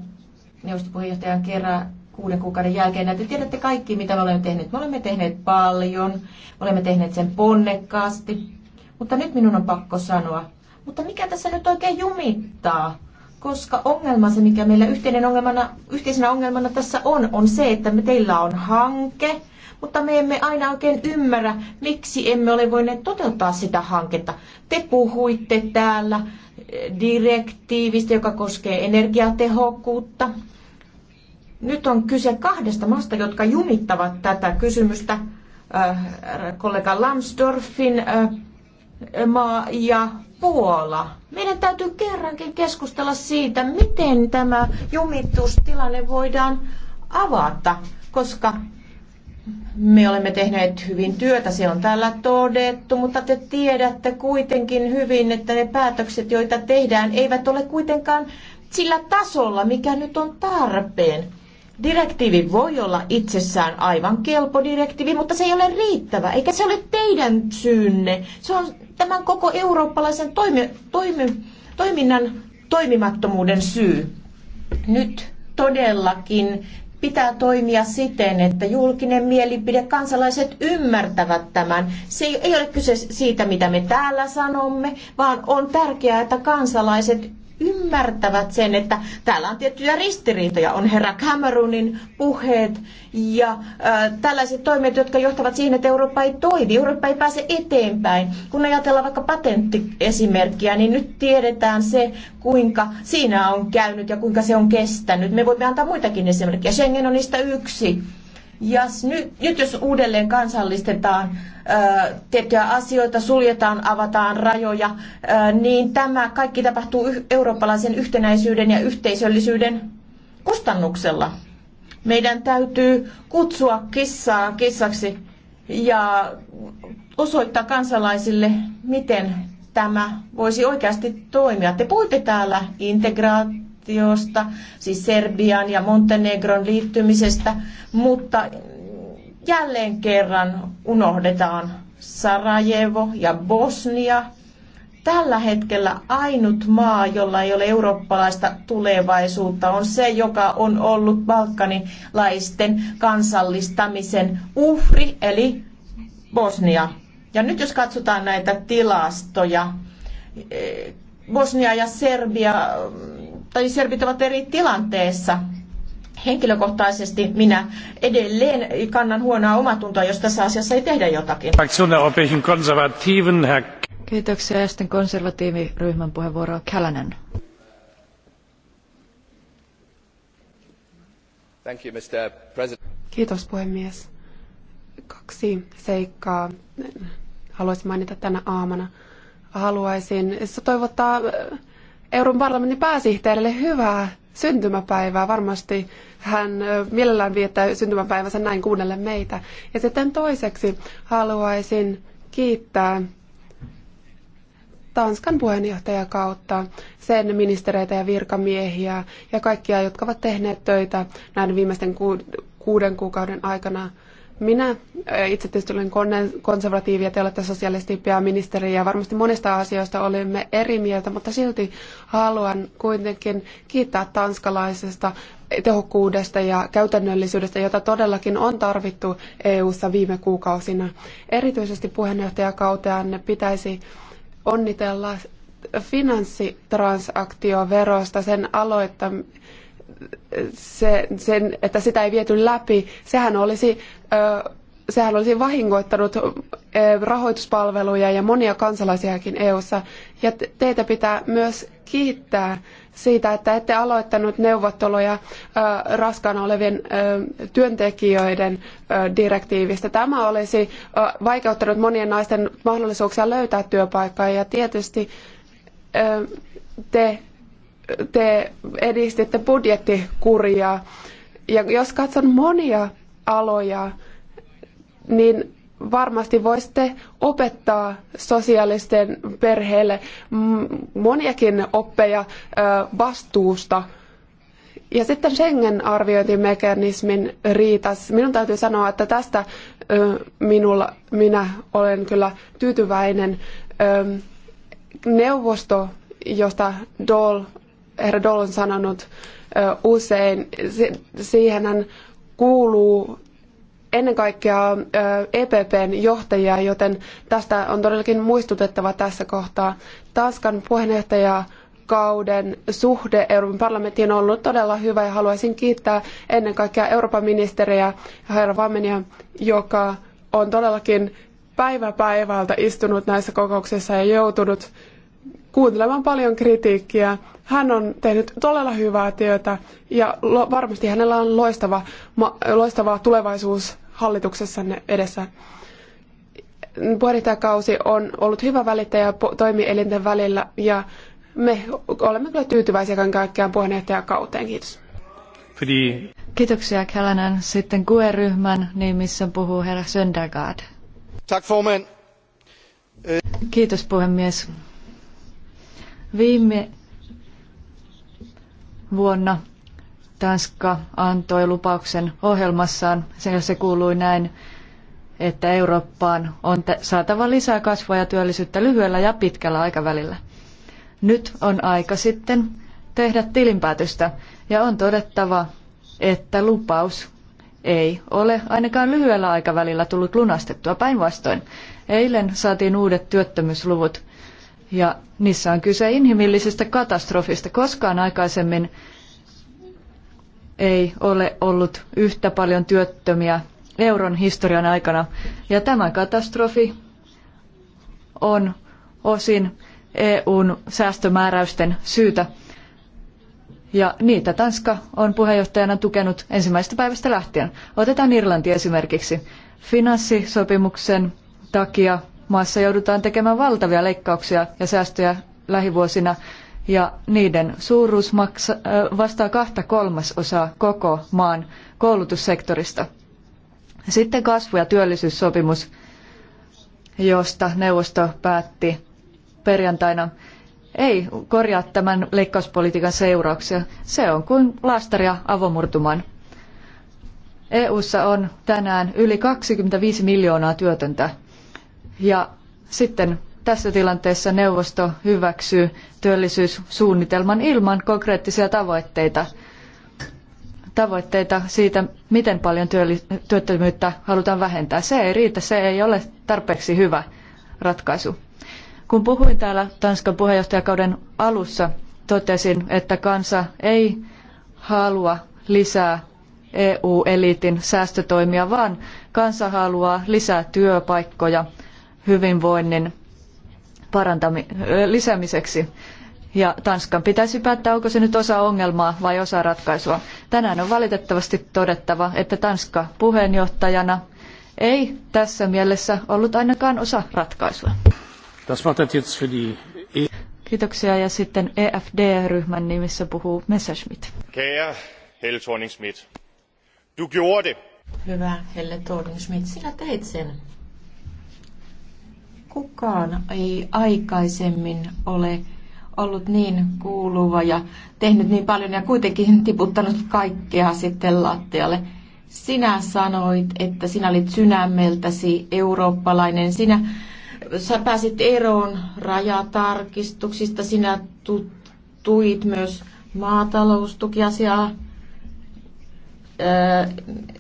neuvostopuheenjohtajan kerran kuuden kuukauden jälkeen. Näitä tiedätte kaikki, mitä me olemme tehneet. Me olemme tehneet paljon, me olemme tehneet sen ponnekkaasti. Mutta nyt minun on pakko sanoa, mutta mikä tässä nyt oikein jumittaa? koska ongelma se, mikä meillä yhteinen ongelmana, yhteisenä ongelmana tässä on, on se, että me teillä on hanke, mutta me emme aina oikein ymmärrä, miksi emme ole voineet toteuttaa sitä hanketta. Te puhuitte täällä eh, direktiivistä, joka koskee energiatehokkuutta. Nyt on kyse kahdesta maasta, jotka jumittavat tätä kysymystä. Äh, kollega Lambsdorffin äh, maa ja Puola. Meidän täytyy kerrankin keskustella siitä, miten tämä jumitustilanne voidaan avata, koska me olemme tehneet hyvin työtä, se on täällä todettu, mutta te tiedätte kuitenkin hyvin, että ne päätökset, joita tehdään, eivät ole kuitenkaan sillä tasolla, mikä nyt on tarpeen. Direktiivi voi olla itsessään aivan kelpo direktiivi, mutta se ei ole riittävä, eikä se ole teidän syynne. Se on tämän koko eurooppalaisen toimi, toimi, toiminnan toimimattomuuden syy. Nyt todellakin pitää toimia siten, että julkinen mielipide, kansalaiset ymmärtävät tämän. Se ei ole kyse siitä, mitä me täällä sanomme, vaan on tärkeää, että kansalaiset ymmärtävät sen, että täällä on tiettyjä ristiriitoja. On herra Cameronin puheet ja ää, tällaiset toimet, jotka johtavat siihen, että Eurooppa ei toimi, Eurooppa ei pääse eteenpäin. Kun ajatellaan vaikka patenttiesimerkkiä, niin nyt tiedetään se, kuinka siinä on käynyt ja kuinka se on kestänyt. Me voimme antaa muitakin esimerkkejä. Schengen on niistä yksi jos nyt, nyt jos uudelleen kansallistetaan ö, tiettyjä asioita, suljetaan, avataan rajoja, ö, niin tämä kaikki tapahtuu yh, eurooppalaisen yhtenäisyyden ja yhteisöllisyyden kustannuksella. Meidän täytyy kutsua kissaa kissaksi ja osoittaa kansalaisille, miten tämä voisi oikeasti toimia. Te puhutte täällä integraatio valtiosta, siis Serbian ja Montenegron liittymisestä, mutta jälleen kerran unohdetaan Sarajevo ja Bosnia. Tällä hetkellä ainut maa, jolla ei ole eurooppalaista tulevaisuutta, on se, joka on ollut balkanilaisten kansallistamisen uhri, eli Bosnia. Ja nyt jos katsotaan näitä tilastoja, eh, Bosnia ja Serbia mm, tai serbit ovat eri tilanteessa. Henkilökohtaisesti minä edelleen kannan huonoa omatuntoa, jos tässä asiassa ei tehdä jotakin. Kiitoksia. Ja sitten konservatiiviryhmän puheenvuoroa Kälänen. Kiitos puhemies. Kaksi seikkaa haluaisin mainita tänä aamuna. Haluaisin toivottaa Euroopan parlamentin pääsihteerille hyvää syntymäpäivää. Varmasti hän mielellään viettää syntymäpäivänsä näin kuunnelle meitä. Ja sitten toiseksi haluaisin kiittää Tanskan puheenjohtajakautta, sen ministereitä ja virkamiehiä ja kaikkia, jotka ovat tehneet töitä näiden viimeisten kuuden kuukauden aikana – minä äh, itse tietysti olen konservatiivi ja te olette sosialistiippia ja ministeri ja varmasti monista asioista olemme eri mieltä, mutta silti haluan kuitenkin kiittää tanskalaisesta tehokkuudesta ja käytännöllisyydestä, jota todellakin on tarvittu EU-ssa viime kuukausina. Erityisesti puheenjohtajakauteanne pitäisi onnitella finanssitransaktioverosta sen aloittamista se, sen, että sitä ei viety läpi, sehän olisi, sehän olisi vahingoittanut rahoituspalveluja ja monia kansalaisiakin EU:ssa. Ja teitä pitää myös kiittää siitä, että ette aloittanut neuvotteluja raskaana olevien työntekijöiden direktiivistä. Tämä olisi vaikeuttanut monien naisten mahdollisuuksia löytää työpaikkaa ja tietysti te te edistitte budjettikuria. Ja jos katson monia aloja, niin varmasti voisitte opettaa sosiaalisten perheille moniakin oppeja vastuusta. Ja sitten Schengen-arviointimekanismin riitas. Minun täytyy sanoa, että tästä minulla, minä olen kyllä tyytyväinen. Neuvosto, josta Dole herra Doll on sanonut usein, siihenhän kuuluu ennen kaikkea EPPn johtajia, joten tästä on todellakin muistutettava tässä kohtaa. Tanskan puheenjohtaja kauden suhde Euroopan parlamenttiin on ollut todella hyvä ja haluaisin kiittää ennen kaikkea Euroopan ministeriä herra Vammenia, joka on todellakin päivä päivältä istunut näissä kokouksissa ja joutunut kuuntelemaan paljon kritiikkiä. Hän on tehnyt todella hyvää työtä ja varmasti hänellä on loistava, ma- loistava tulevaisuus hallituksessanne edessä. Puheenjohtajakausi on ollut hyvä välittäjä toimielinten välillä ja me olemme kyllä tyytyväisiä kaiken kaikkiaan puheenjohtajakauteen. Kiitos. Kiitoksia Kellanen, Sitten GUE-ryhmän nimissä puhuu herra Söndergaard. Tack, Kiitos puhemies. Viime vuonna Tanska antoi lupauksen ohjelmassaan, sen se kuului näin, että Eurooppaan on saatava lisää kasvua ja työllisyyttä lyhyellä ja pitkällä aikavälillä. Nyt on aika sitten tehdä tilinpäätöstä ja on todettava, että lupaus ei ole ainakaan lyhyellä aikavälillä tullut lunastettua päinvastoin. Eilen saatiin uudet työttömyysluvut ja niissä on kyse inhimillisestä katastrofista. Koskaan aikaisemmin ei ole ollut yhtä paljon työttömiä euron historian aikana. Ja tämä katastrofi on osin EUn säästömääräysten syytä. Ja niitä Tanska on puheenjohtajana tukenut ensimmäisestä päivästä lähtien. Otetaan Irlanti esimerkiksi. Finanssisopimuksen takia maassa joudutaan tekemään valtavia leikkauksia ja säästöjä lähivuosina ja niiden suuruus maksa, vastaa kahta kolmasosaa koko maan koulutussektorista. Sitten kasvu- ja työllisyyssopimus, josta neuvosto päätti perjantaina, ei korjaa tämän leikkauspolitiikan seurauksia. Se on kuin lastaria avomurtumaan. EU:ssa on tänään yli 25 miljoonaa työtöntä ja sitten tässä tilanteessa neuvosto hyväksyy työllisyyssuunnitelman ilman konkreettisia tavoitteita. Tavoitteita siitä, miten paljon työttömyyttä halutaan vähentää. Se ei riitä, se ei ole tarpeeksi hyvä ratkaisu. Kun puhuin täällä Tanskan puheenjohtajakauden alussa, totesin, että kansa ei halua lisää EU-eliitin säästötoimia, vaan kansa haluaa lisää työpaikkoja – hyvinvoinnin parantami- lisäämiseksi. Ja Tanskan pitäisi päättää, onko se nyt osa ongelmaa vai osa ratkaisua. Tänään on valitettavasti todettava, että Tanska puheenjohtajana ei tässä mielessä ollut ainakaan osa ratkaisua. E- Kiitoksia ja sitten EFD-ryhmän nimissä puhuu Messerschmidt. Kære Helle Thorning-Schmidt, du gjorde Hyvä Helle Thorning-Schmidt, sinä teit sen. Kukaan ei aikaisemmin ole ollut niin kuuluva ja tehnyt niin paljon ja kuitenkin tiputtanut kaikkea sitten lattialle. Sinä sanoit, että sinä olit sydämeltäsi eurooppalainen. Sinä sä pääsit eroon rajatarkistuksista, sinä tuit myös maataloustukiasiaa.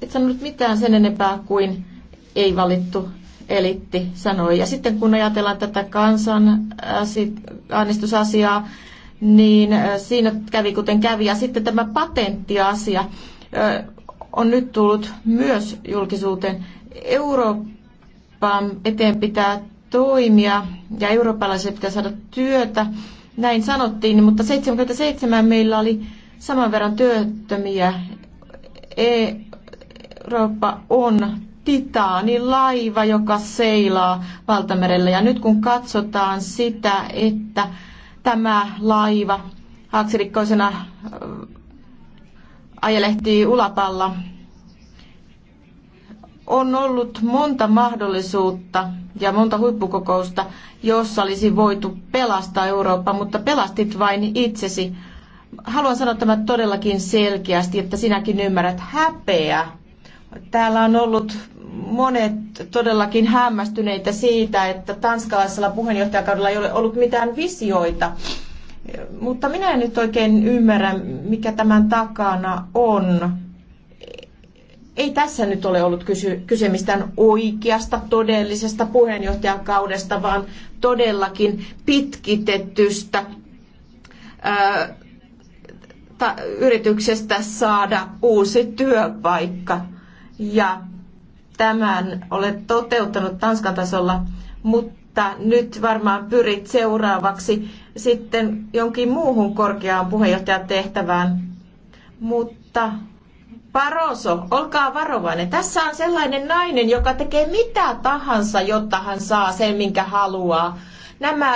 Et sanonut mitään sen enempää kuin ei valittu elitti sanoi. Ja sitten kun ajatellaan tätä kansan äh, äänestysasiaa, niin äh, siinä kävi kuten kävi. Ja sitten tämä patenttiasia äh, on nyt tullut myös julkisuuteen. Euroopan eteen pitää toimia ja eurooppalaisille pitää saada työtä. Näin sanottiin, mutta 77 meillä oli saman verran työttömiä. E- Eurooppa on Titaanin laiva, joka seilaa valtamerellä. Ja nyt kun katsotaan sitä, että tämä laiva haaksirikkoisena ajelehtii ulapalla, on ollut monta mahdollisuutta ja monta huippukokousta, jossa olisi voitu pelastaa Eurooppa, mutta pelastit vain itsesi. Haluan sanoa tämän todellakin selkeästi, että sinäkin ymmärrät häpeä. Täällä on ollut monet todellakin hämmästyneitä siitä, että tanskalaisella puheenjohtajakaudella ei ole ollut mitään visioita. Mutta minä en nyt oikein ymmärrä, mikä tämän takana on. Ei tässä nyt ole ollut kysy, kyse mistään oikeasta, todellisesta puheenjohtajakaudesta, vaan todellakin pitkitettystä ää, ta, yrityksestä saada uusi työpaikka. Ja tämän ole toteuttanut Tanskan tasolla, mutta nyt varmaan pyrit seuraavaksi sitten jonkin muuhun korkeaan puheenjohtajan tehtävään. Mutta Paroso, olkaa varovainen. Tässä on sellainen nainen, joka tekee mitä tahansa, jotta hän saa sen, minkä haluaa. Nämä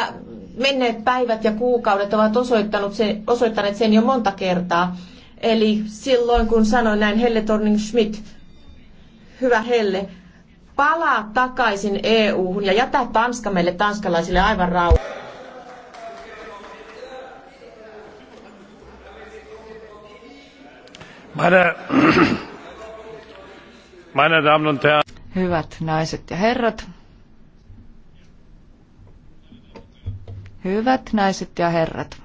menneet päivät ja kuukaudet ovat osoittanut sen, osoittaneet sen jo monta kertaa. Eli silloin, kun sanoin näin Helle Torning-Schmidt hyvä Helle, palaa takaisin EU-hun ja jätä Tanska meille tanskalaisille aivan rauhaan. Meine, meine Damen und Herren. Hyvät naiset ja herrat. Hyvät naiset ja herrat.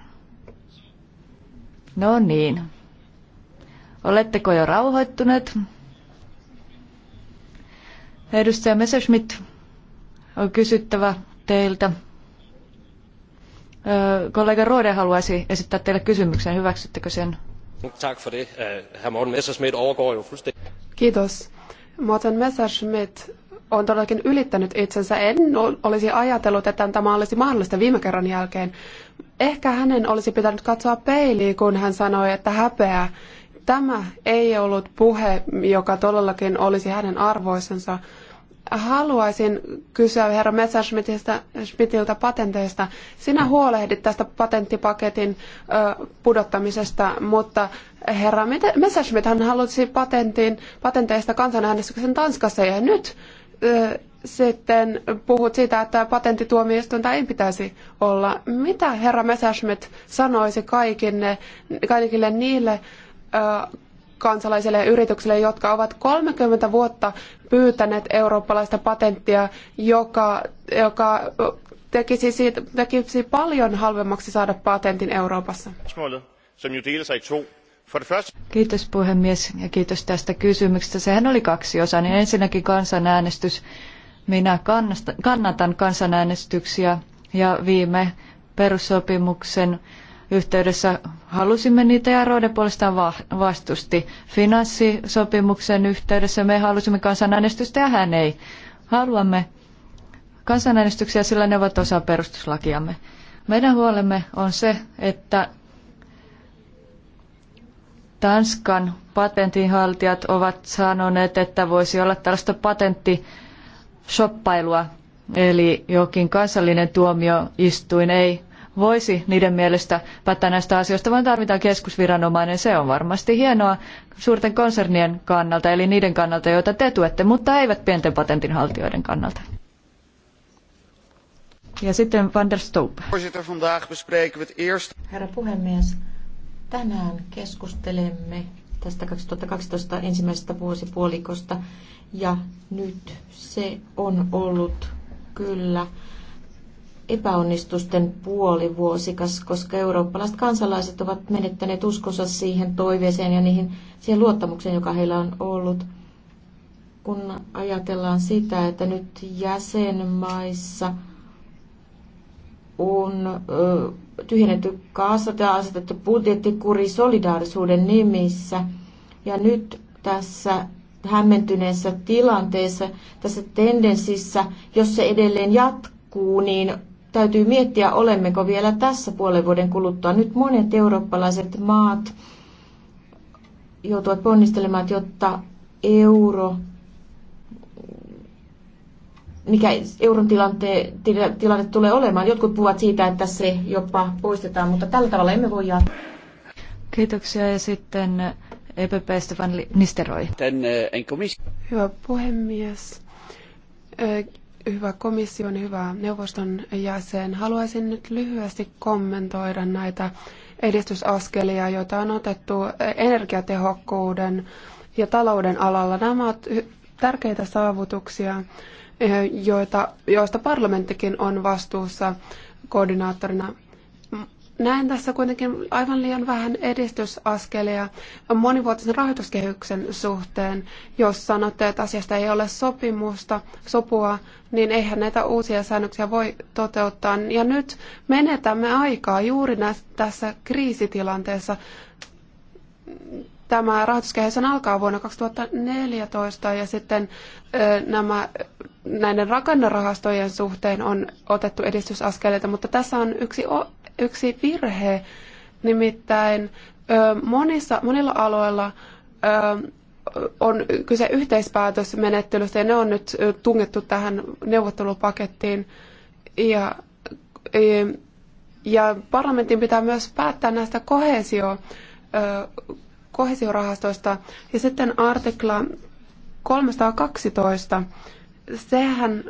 No niin. Oletteko jo rauhoittuneet? Edustaja Messerschmidt, on kysyttävä teiltä. kollega Rode haluaisi esittää teille kysymyksen. Hyväksyttekö sen? for det. Herr øh, Kiitos. Morten Messerschmidt on todellakin ylittänyt itsensä. En olisi ajatellut, että tämä olisi mahdollista viime kerran jälkeen. Ehkä hänen olisi pitänyt katsoa peiliin, kun hän sanoi, että häpeää Tämä ei ollut puhe, joka todellakin olisi hänen arvoisensa. Haluaisin kysyä herra Messerschmittiltä patenteista. Sinä huolehdit tästä patenttipaketin ö, pudottamisesta, mutta herra Messerschmitt hän halusi patentin, patenteista kansanäänestyksen Tanskassa ja nyt ö, sitten puhut siitä, että patenttituomioistuinta ei pitäisi olla. Mitä herra Messerschmidt sanoisi kaikille, kaikille niille kansalaisille ja yrityksille, jotka ovat 30 vuotta pyytäneet eurooppalaista patenttia, joka, joka tekisi, siitä, tekisi paljon halvemmaksi saada patentin Euroopassa. Kiitos puhemies ja kiitos tästä kysymyksestä. Sehän oli kaksi osaa. Niin ensinnäkin kansanäänestys. Minä kannatan kansanäänestyksiä ja viime perussopimuksen yhteydessä halusimme niitä ja Rode puolestaan vastusti. Finanssisopimuksen yhteydessä me halusimme kansanäänestystä ja hän ei. Haluamme kansanäänestyksiä, sillä ne ovat osa perustuslakiamme. Meidän huolemme on se, että Tanskan patentinhaltijat ovat sanoneet, että voisi olla tällaista patenttishoppailua, eli jokin kansallinen tuomioistuin ei voisi niiden mielestä päättää näistä asioista, vaan tarvitaan keskusviranomainen. Se on varmasti hienoa suurten konsernien kannalta, eli niiden kannalta, joita te tuette, mutta eivät pienten patentinhaltijoiden kannalta. Ja sitten Van der Stoop. Herra puhemies, tänään keskustelemme tästä 2012 ensimmäisestä vuosipuolikosta ja nyt se on ollut kyllä epäonnistusten puolivuosikas, koska eurooppalaiset kansalaiset ovat menettäneet uskonsa siihen toiveeseen ja niihin, siihen luottamukseen, joka heillä on ollut. Kun ajatellaan sitä, että nyt jäsenmaissa on ö, tyhjennetty kassat ja asetettu budjettikuri solidaarisuuden nimissä, ja nyt tässä hämmentyneessä tilanteessa, tässä tendenssissä, jos se edelleen jatkuu, niin Täytyy miettiä, olemmeko vielä tässä puolen vuoden kuluttua. Nyt monet eurooppalaiset maat joutuvat ponnistelemaan, jotta euro mikä euron tilante, tilanne tulee olemaan. Jotkut puhuvat siitä, että se jopa poistetaan, mutta tällä tavalla emme voi jatkaa. Kiitoksia ja sitten EPP Stefan Nisteroi. Eh, Hyvä puhemies. Eh, hyvä komission, hyvä neuvoston jäsen. Haluaisin nyt lyhyesti kommentoida näitä edistysaskelia, joita on otettu energiatehokkuuden ja talouden alalla. Nämä ovat tärkeitä saavutuksia, eh, joita, joista parlamenttikin on vastuussa koordinaattorina Näen tässä kuitenkin aivan liian vähän edistysaskelia monivuotisen rahoituskehyksen suhteen. Jos sanotte, että asiasta ei ole sopimusta, sopua, niin eihän näitä uusia säännöksiä voi toteuttaa. Ja nyt menetämme aikaa juuri tässä kriisitilanteessa. Tämä rahoituskehys on alkaa vuonna 2014 ja sitten nämä näiden rakennerahastojen suhteen on otettu edistysaskeleita, mutta tässä on yksi yksi virhe, nimittäin monissa, monilla aloilla on kyse yhteispäätösmenettelystä ja ne on nyt tungettu tähän neuvottelupakettiin. Ja, e, ja parlamentin pitää myös päättää näistä kohesio, kohesiorahastoista. Ja sitten artikla 312, sehän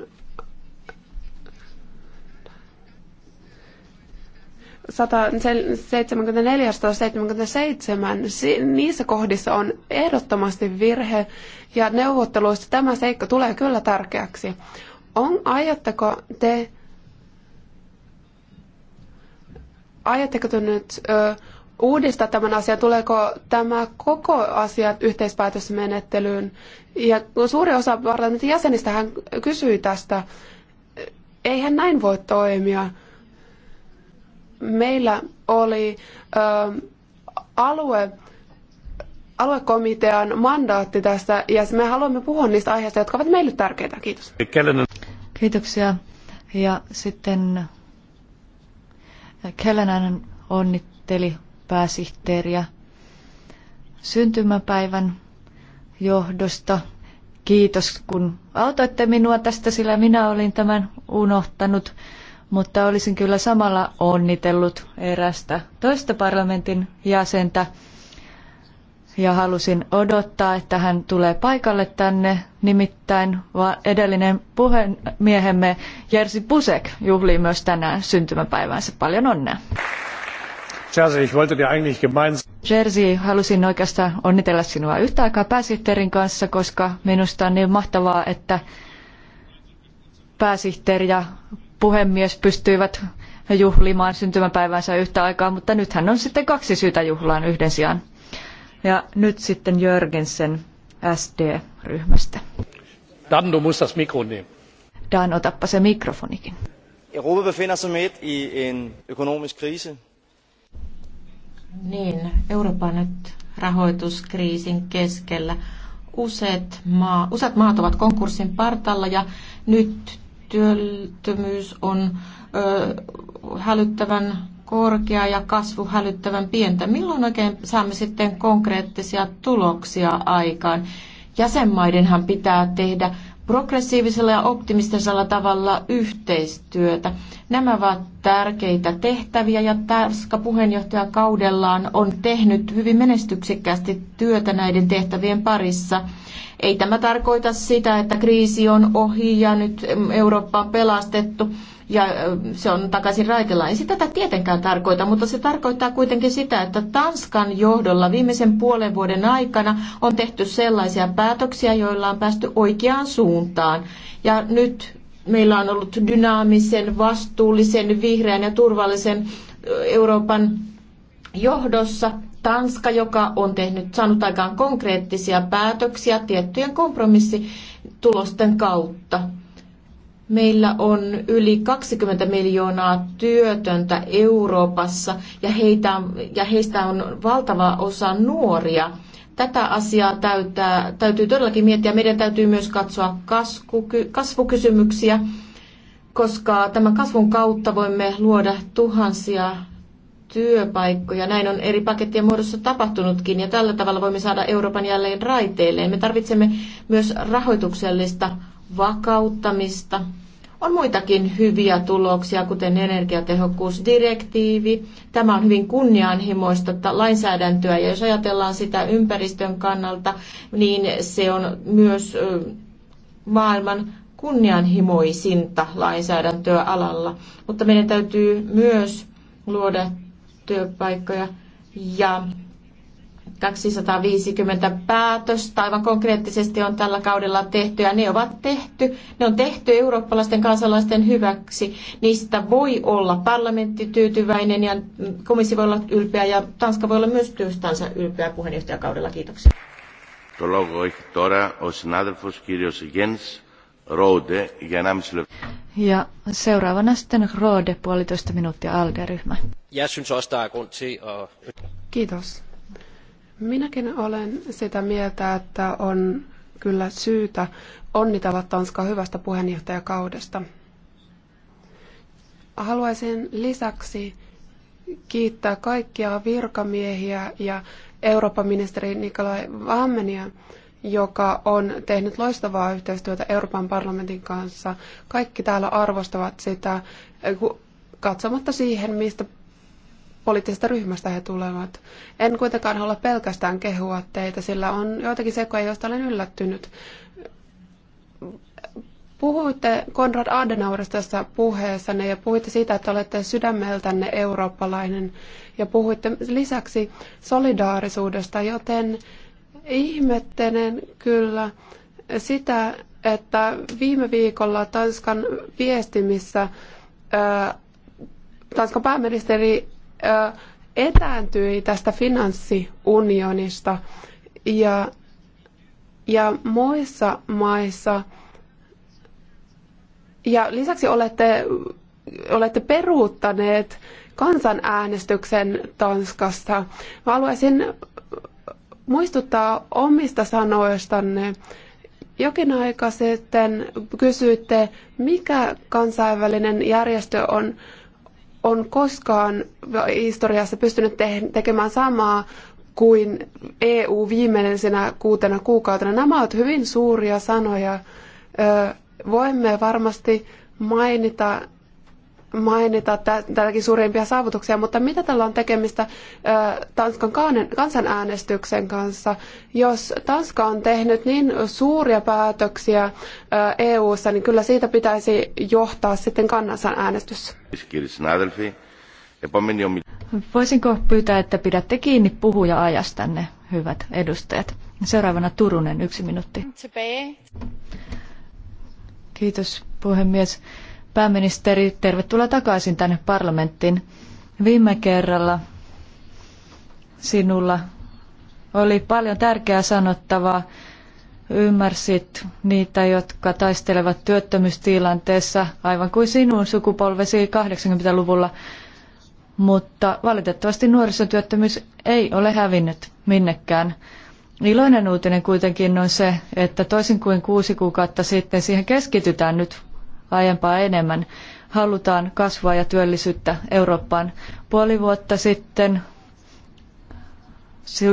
174-177, niissä kohdissa on ehdottomasti virhe ja neuvotteluissa tämä seikka tulee kyllä tärkeäksi. On, ajatteko te, ajatteko te nyt ö, uudistaa tämän asian? Tuleeko tämä koko asia yhteispäätösmenettelyyn? Ja suuri osa parlamentin jäsenistä hän kysyi tästä. Eihän näin voi toimia meillä oli ö, alue, aluekomitean mandaatti tässä ja me haluamme puhua niistä aiheista, jotka ovat meille tärkeitä. Kiitos. Kiitoksia. Ja sitten Kellenan onnitteli pääsihteeriä syntymäpäivän johdosta. Kiitos, kun autoitte minua tästä, sillä minä olin tämän unohtanut mutta olisin kyllä samalla onnitellut erästä toista parlamentin jäsentä ja halusin odottaa, että hän tulee paikalle tänne. Nimittäin edellinen puhemiehemme Jerzy Pusek juhlii myös tänään syntymäpäivänsä paljon onnea. Jerzy, ich wollte dir eigentlich gemeinsam... Jerzy, halusin oikeastaan onnitella sinua yhtä aikaa pääsihteerin kanssa, koska minusta on niin mahtavaa, että pääsihteeri ja puhemies pystyivät juhlimaan syntymäpäivänsä yhtä aikaa, mutta nythän on sitten kaksi syytä juhlaan yhden sijaan. Ja nyt sitten Jörgensen SD-ryhmästä. Dan, du musst das Mikro nehmen. Dan, otappa se mikrofonikin. Europa befinner sig midt i en Niin, Eurooppa on nyt rahoituskriisin keskellä. Useat, maa, useat maat ovat konkurssin partalla ja nyt työttömyys on ö, hälyttävän korkea ja kasvu hälyttävän pientä. Milloin oikein saamme sitten konkreettisia tuloksia aikaan? Jäsenmaidenhan pitää tehdä progressiivisella ja optimistisella tavalla yhteistyötä. Nämä ovat tärkeitä tehtäviä ja puheenjohtaja kaudellaan on tehnyt hyvin menestyksekkäästi työtä näiden tehtävien parissa. Ei tämä tarkoita sitä, että kriisi on ohi ja nyt Eurooppa on pelastettu ja se on takaisin raitilla. En sitä tätä tietenkään tarkoita, mutta se tarkoittaa kuitenkin sitä, että Tanskan johdolla viimeisen puolen vuoden aikana on tehty sellaisia päätöksiä, joilla on päästy oikeaan suuntaan. Ja nyt meillä on ollut dynaamisen, vastuullisen, vihreän ja turvallisen Euroopan johdossa Tanska, joka on tehnyt, saanut aikaan konkreettisia päätöksiä tiettyjen kompromissitulosten kautta. Meillä on yli 20 miljoonaa työtöntä Euroopassa ja, heitä, ja heistä on valtava osa nuoria. Tätä asiaa täytää, täytyy todellakin miettiä. Meidän täytyy myös katsoa kasvu, kasvukysymyksiä, koska tämän kasvun kautta voimme luoda tuhansia työpaikkoja. Näin on eri pakettien muodossa tapahtunutkin ja tällä tavalla voimme saada Euroopan jälleen raiteilleen. Me tarvitsemme myös rahoituksellista vakauttamista. On muitakin hyviä tuloksia, kuten energiatehokkuusdirektiivi. Tämä on hyvin kunnianhimoista lainsäädäntöä ja jos ajatellaan sitä ympäristön kannalta, niin se on myös maailman kunnianhimoisinta lainsäädäntöä alalla. Mutta meidän täytyy myös luoda työpaikkoja ja 250 päätöstä aivan konkreettisesti on tällä kaudella tehty ja ne ovat tehty. Ne on tehty eurooppalaisten kansalaisten hyväksi. Niistä voi olla parlamentti tyytyväinen ja komissio voi olla ylpeä ja Tanska voi olla myös työstänsä ylpeä puheenjohtajakaudella. Kiitoksia. Ja seuraavana sitten Rode puolitoista minuuttia ALDE-ryhmä. Er Kiitos. Minäkin olen sitä mieltä, että on kyllä syytä onnitella Tanskaa hyvästä puheenjohtajakaudesta. Haluaisin lisäksi kiittää kaikkia virkamiehiä ja Euroopan ministeri Nikolai Vammenia, joka on tehnyt loistavaa yhteistyötä Euroopan parlamentin kanssa. Kaikki täällä arvostavat sitä, katsomatta siihen, mistä poliittisesta ryhmästä he tulevat. En kuitenkaan halua pelkästään kehua teitä, sillä on joitakin seikkoja, joista olen yllättynyt. Puhuitte Konrad Adenauerista tässä puheessanne ja puhuitte siitä, että olette sydämeltänne eurooppalainen ja puhuitte lisäksi solidaarisuudesta, joten ihmettelen kyllä sitä, että viime viikolla Tanskan viestimissä ää, Tanskan pääministeri etääntyi tästä finanssiunionista ja, ja muissa maissa ja lisäksi olette, olette peruuttaneet kansanäänestyksen Tanskassa. Mä haluaisin muistuttaa omista sanoistanne. Jokin aika sitten kysyitte, mikä kansainvälinen järjestö on on koskaan historiassa pystynyt te- tekemään samaa kuin EU viimeisenä kuutena kuukautena. Nämä ovat hyvin suuria sanoja. Voimme varmasti mainita mainita tälläkin suurimpia saavutuksia, mutta mitä tällä on tekemistä Tanskan kansanäänestyksen kanssa? Jos Tanska on tehnyt niin suuria päätöksiä EU-ssa, niin kyllä siitä pitäisi johtaa sitten kansanäänestys. Voisinko pyytää, että pidätte kiinni puhuja-ajastanne, hyvät edustajat? Seuraavana Turunen, yksi minuutti. Kiitos puhemies. Pääministeri, tervetuloa takaisin tänne parlamenttiin. Viime kerralla sinulla oli paljon tärkeää sanottavaa. Ymmärsit niitä, jotka taistelevat työttömyystilanteessa, aivan kuin sinun sukupolvesi 80-luvulla. Mutta valitettavasti nuorisotyöttömyys ei ole hävinnyt minnekään. Iloinen uutinen kuitenkin on se, että toisin kuin kuusi kuukautta sitten siihen keskitytään nyt aiempaa enemmän. Halutaan kasvua ja työllisyyttä Eurooppaan. Puoli vuotta sitten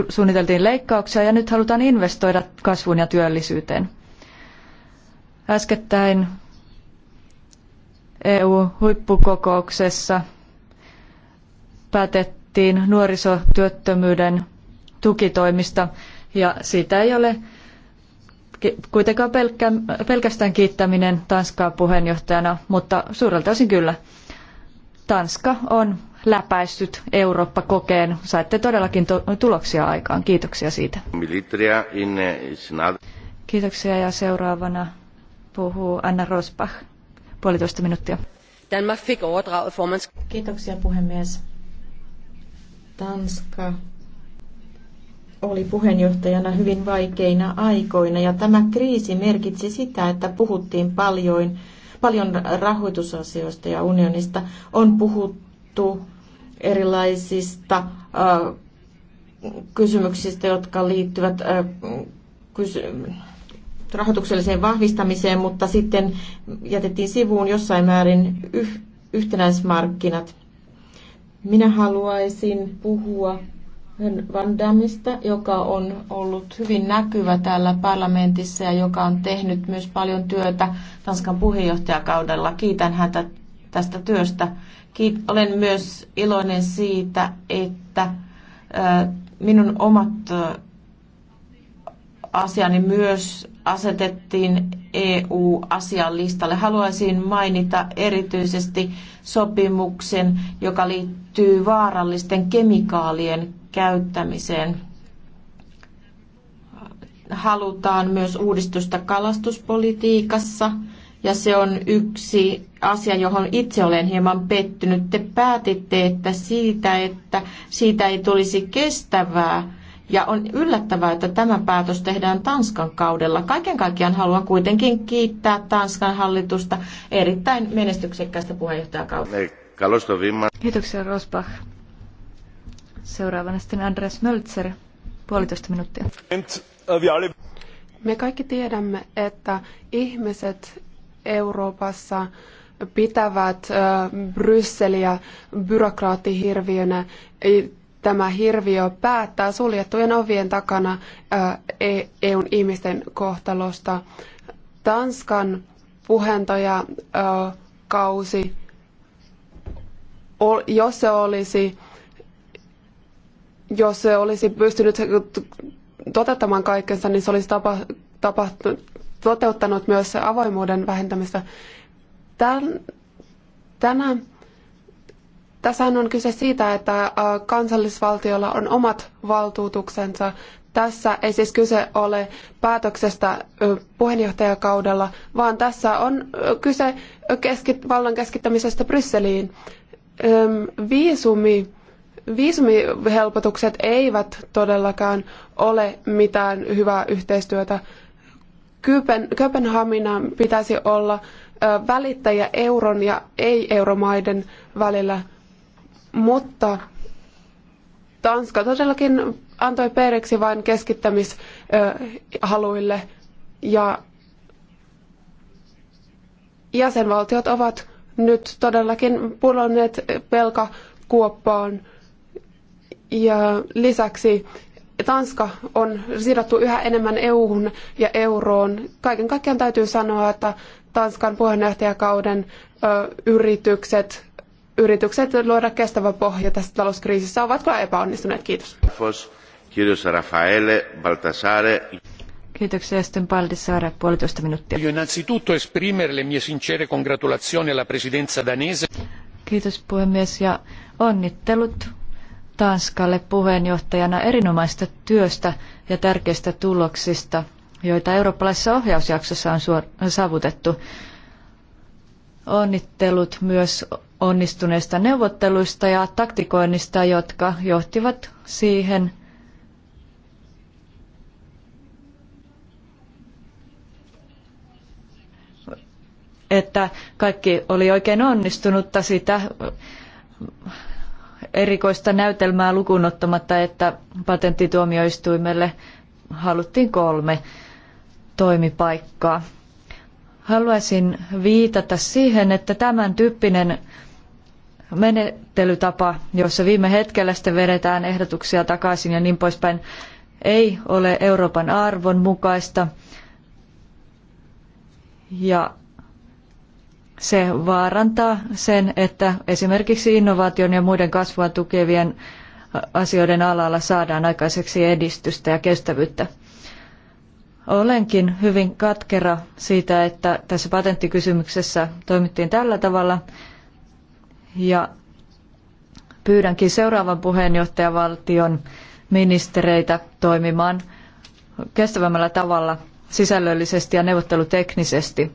suunniteltiin leikkauksia ja nyt halutaan investoida kasvuun ja työllisyyteen. Äskettäin EU-huippukokouksessa päätettiin nuorisotyöttömyyden tukitoimista ja siitä ei ole kuitenkaan pelkkä, pelkästään kiittäminen Tanskaa puheenjohtajana, mutta suurelta osin kyllä. Tanska on läpäissyt Eurooppa-kokeen. Saitte todellakin to tuloksia aikaan. Kiitoksia siitä. Eh, Kiitoksia ja seuraavana puhuu Anna Rosbach. Puolitoista minuuttia. Danmark fik overdraget formands... Kiitoksia puhemies. Tanska oli puheenjohtajana hyvin vaikeina aikoina ja tämä kriisi merkitsi sitä, että puhuttiin paljon, paljon rahoitusasioista ja unionista. On puhuttu erilaisista kysymyksistä, jotka liittyvät äh, kysy- rahoitukselliseen vahvistamiseen, mutta sitten jätettiin sivuun jossain määrin yh- yhtenäismarkkinat. Minä haluaisin puhua Van Dammista, joka on ollut hyvin näkyvä täällä parlamentissa ja joka on tehnyt myös paljon työtä Tanskan puheenjohtajakaudella. Kiitän häntä tästä työstä. Kiit- olen myös iloinen siitä, että minun omat asiani myös asetettiin EU-asian listalle. Haluaisin mainita erityisesti sopimuksen, joka liittyy vaarallisten kemikaalien käyttämiseen. Halutaan myös uudistusta kalastuspolitiikassa ja se on yksi asia, johon itse olen hieman pettynyt. Te päätitte, että siitä, että siitä ei tulisi kestävää ja on yllättävää, että tämä päätös tehdään Tanskan kaudella. Kaiken kaikkiaan haluan kuitenkin kiittää Tanskan hallitusta erittäin menestyksekkäästä puheenjohtajakautta. Kiitoksia Rosbach. Seuraavana sitten Andreas Möltser, puolitoista minuuttia. Uh, Me kaikki tiedämme, että ihmiset Euroopassa pitävät uh, Brysseliä byrokraattihirviönä. E, tämä hirviö päättää suljettujen ovien takana uh, e, EUn ihmisten kohtalosta. Tanskan puhentoja kausi, jos se olisi jos se olisi pystynyt toteuttamaan kaikkensa, niin se olisi tapa, tapa, toteuttanut myös avoimuuden vähentämistä. Tän, tänä, tässähän on kyse siitä, että kansallisvaltiolla on omat valtuutuksensa. Tässä ei siis kyse ole päätöksestä puheenjohtajakaudella, vaan tässä on kyse keskit, vallan keskittämisestä Brysseliin. Viisumi viisumihelpotukset eivät todellakaan ole mitään hyvää yhteistyötä. Köpen, Köpenhaminan pitäisi olla välittäjä euron ja ei-euromaiden välillä, mutta Tanska todellakin antoi periksi vain keskittämishaluille ja jäsenvaltiot ovat nyt todellakin pulonneet velkakuoppaan – ja lisäksi Tanska on sidottu yhä enemmän EU-hun ja euroon. Kaiken kaikkiaan täytyy sanoa, että Tanskan puheenjohtajakauden yritykset, yritykset luoda kestävä pohja tässä talouskriisissä ovat kyllä epäonnistuneet. Kiitos. Kiitos Rafaele Baltasare. Kiitoksia sitten Baldassare, puolitoista minuuttia. Io innanzitutto esprimere le mie sincere congratulazioni alla presidenza danese. Kiitos puhemies ja onnittelut Tanskalle puheenjohtajana erinomaista työstä ja tärkeistä tuloksista, joita eurooppalaisessa ohjausjaksossa on saavutettu. Onnittelut myös onnistuneista neuvotteluista ja taktikoinnista, jotka johtivat siihen, että kaikki oli oikein onnistunutta sitä erikoista näytelmää lukunottamatta, että patenttituomioistuimelle haluttiin kolme toimipaikkaa. Haluaisin viitata siihen, että tämän tyyppinen menettelytapa, jossa viime hetkellä sitten vedetään ehdotuksia takaisin ja niin poispäin, ei ole Euroopan arvon mukaista. Ja se vaarantaa sen, että esimerkiksi innovaation ja muiden kasvua tukevien asioiden alalla saadaan aikaiseksi edistystä ja kestävyyttä. Olenkin hyvin katkera siitä, että tässä patenttikysymyksessä toimittiin tällä tavalla ja pyydänkin seuraavan puheenjohtajavaltion ministereitä toimimaan kestävämmällä tavalla sisällöllisesti ja neuvotteluteknisesti –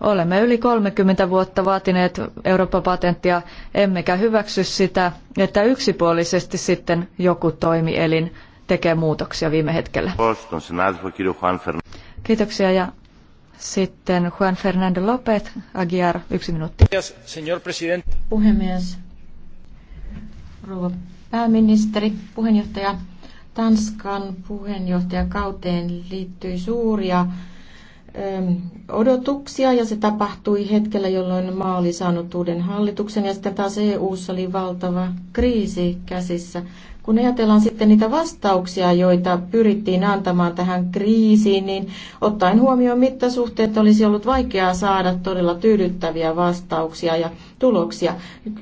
Olemme yli 30 vuotta vaatineet Euroopan patenttia, emmekä hyväksy sitä, että yksipuolisesti sitten joku toimielin tekee muutoksia viime hetkellä. Kiitoksia ja sitten Juan Fernando López Aguiar, yksi minuutti. Puhemies, rouva pääministeri, puheenjohtaja, Tanskan puheenjohtajakauteen liittyi suuria odotuksia ja se tapahtui hetkellä, jolloin maa oli saanut uuden hallituksen ja sitten taas eu oli valtava kriisi käsissä. Kun ajatellaan sitten niitä vastauksia, joita pyrittiin antamaan tähän kriisiin, niin ottaen huomioon mittasuhteet olisi ollut vaikeaa saada todella tyydyttäviä vastauksia ja tuloksia.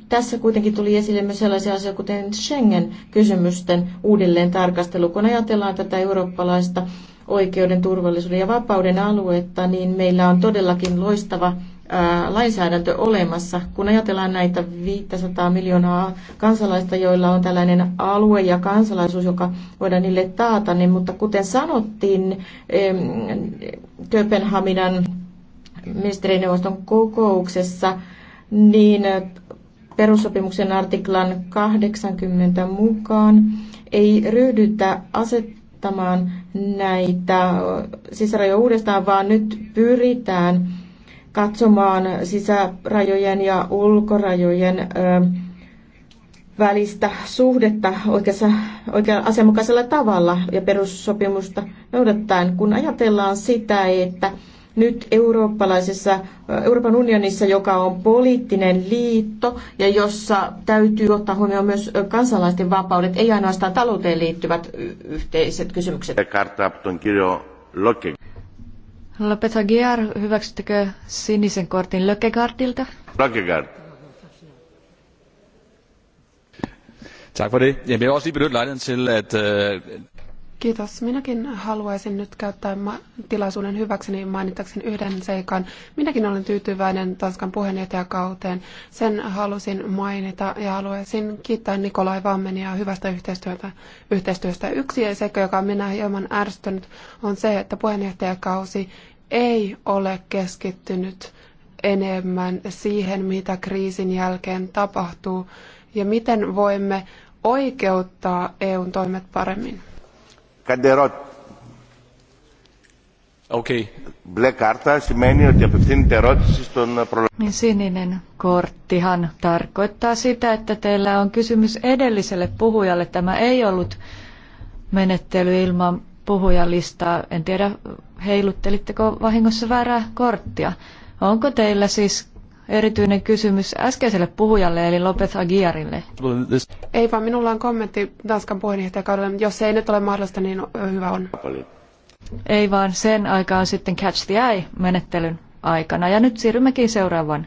Tässä kuitenkin tuli esille myös sellaisia asioita, kuten Schengen-kysymysten uudelleen tarkastelu. Kun ajatellaan tätä eurooppalaista oikeuden, turvallisuuden ja vapauden aluetta, niin meillä on todellakin loistava lainsäädäntö olemassa. Kun ajatellaan näitä 500 miljoonaa kansalaista, joilla on tällainen alue ja kansalaisuus, joka voidaan niille taata, niin, mutta kuten sanottiin Köpenhaminan ministerineuvoston kokouksessa, niin perussopimuksen artiklan 80 mukaan ei ryhdytä asettamaan tarkastamaan näitä sisärajoja uudestaan, vaan nyt pyritään katsomaan sisärajojen ja ulkorajojen välistä suhdetta oikeassa, oikean asianmukaisella tavalla ja perussopimusta noudattaen, kun ajatellaan sitä, että nyt eurooppalaisessa, Euroopan unionissa, joka on poliittinen liitto ja jossa täytyy ottaa huomioon myös kansalaisten vapaudet, ei ainoastaan talouteen liittyvät yhteiset kysymykset. Lopeta Gear, hyväksyttekö sinisen kortin Lökegardilta? Lökegard. Tak for det. Jeg vil også lige benytte lejligheden til at øh, Kiitos. Minäkin haluaisin nyt käyttää tilaisuuden hyväkseni mainitakseni yhden seikan. Minäkin olen tyytyväinen Tanskan puheenjohtajakauteen. Sen halusin mainita ja haluaisin kiittää Nikolai Vammenia hyvästä yhteistyötä, yhteistyöstä. Yksi seikka, joka minä hieman ärstynyt, on se, että puheenjohtajakausi ei ole keskittynyt enemmän siihen, mitä kriisin jälkeen tapahtuu ja miten voimme oikeuttaa EUn toimet paremmin. Καντερότ. Okay. Μπλε κάρτα σημαίνει ότι απευθύνεται ερώτηση στον προλαλή. Sininen korttihan tarkoittaa sitä, että teillä on kysymys edelliselle puhujalle. Tämä ei ollut menettely ilman puhujalistaa. En tiedä, heiluttelitteko vahingossa väärää korttia. Onko teillä siis erityinen kysymys äskeiselle puhujalle, eli Lopez Aguiarille. Ei vaan, minulla on kommentti Tanskan puheenjohtajakaudelle. Jos se ei nyt ole mahdollista, niin hyvä on. Ei vaan, sen aika on sitten Catch the Eye-menettelyn aikana. Ja nyt siirrymmekin seuraavan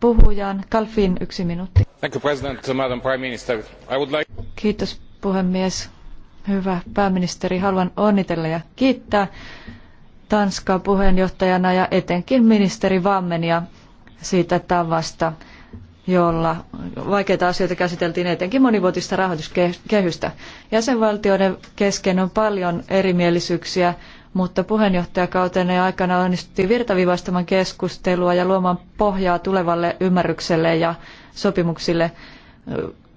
puhujaan. Kalfin yksi minuutti. Thank you, President, Madam Prime Minister. I would like... Kiitos puhemies. Hyvä pääministeri, haluan onnitella ja kiittää Tanskaa puheenjohtajana ja etenkin ministeri Vammenia siitä tavasta, jolla vaikeita asioita käsiteltiin etenkin monivuotista rahoituskehystä. Jäsenvaltioiden kesken on paljon erimielisyyksiä, mutta puheenjohtajakautenne aikana onnistuttiin virtaviivaistamaan keskustelua ja luomaan pohjaa tulevalle ymmärrykselle ja sopimuksille.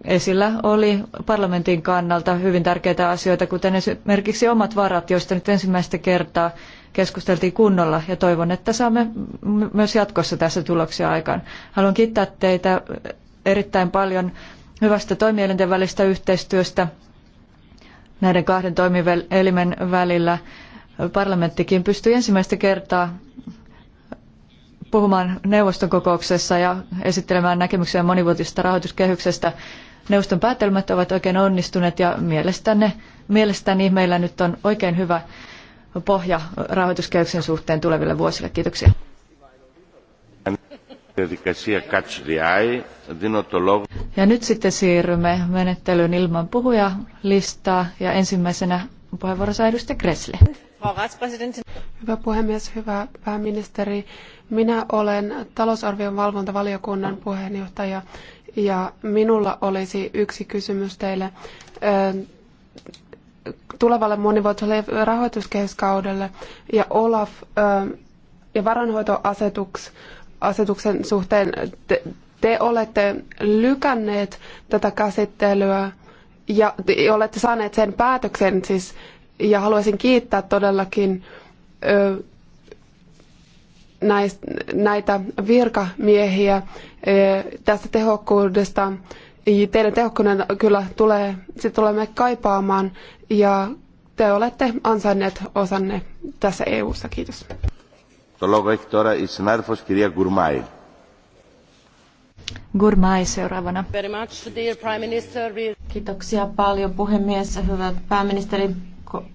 Esillä oli parlamentin kannalta hyvin tärkeitä asioita, kuten esimerkiksi omat varat, joista nyt ensimmäistä kertaa keskusteltiin kunnolla ja toivon, että saamme myös jatkossa tässä tuloksia aikaan. Haluan kiittää teitä erittäin paljon hyvästä toimielinten välistä yhteistyöstä näiden kahden toimielimen välillä. Parlamenttikin pystyi ensimmäistä kertaa puhumaan neuvoston kokouksessa ja esittelemään näkemyksiä monivuotisesta rahoituskehyksestä. Neuvoston päätelmät ovat oikein onnistuneet ja mielestäni meillä nyt on oikein hyvä pohja rahoituskehyksen suhteen tuleville vuosille. Kiitoksia. Ja nyt sitten siirrymme menettelyyn ilman puhujalistaa ja ensimmäisenä puheenvuoro saa edustaja Gressle. Hyvä puhemies, hyvä pääministeri. Minä olen talousarvion valvontavaliokunnan puheenjohtaja ja minulla olisi yksi kysymys teille tulevalle monivuotiselle rahoituskehyskaudelle ja Olaf ja varanhoitoasetuksen suhteen te, te olette lykänneet tätä käsittelyä ja olette saaneet sen päätöksen siis, ja haluaisin kiittää todellakin ö, näistä, näitä virkamiehiä ö, tästä tehokkuudesta teidän tehokkuuden kyllä tulee, sit tulemme kaipaamaan ja te olette ansainneet osanne tässä EU-ssa. Kiitos. Το λόγο έχει τώρα η συνάδελφος κυρία Γκουρμάη. Gurmai seuraavana. Kiitoksia paljon puhemies. Hyvä pääministeri,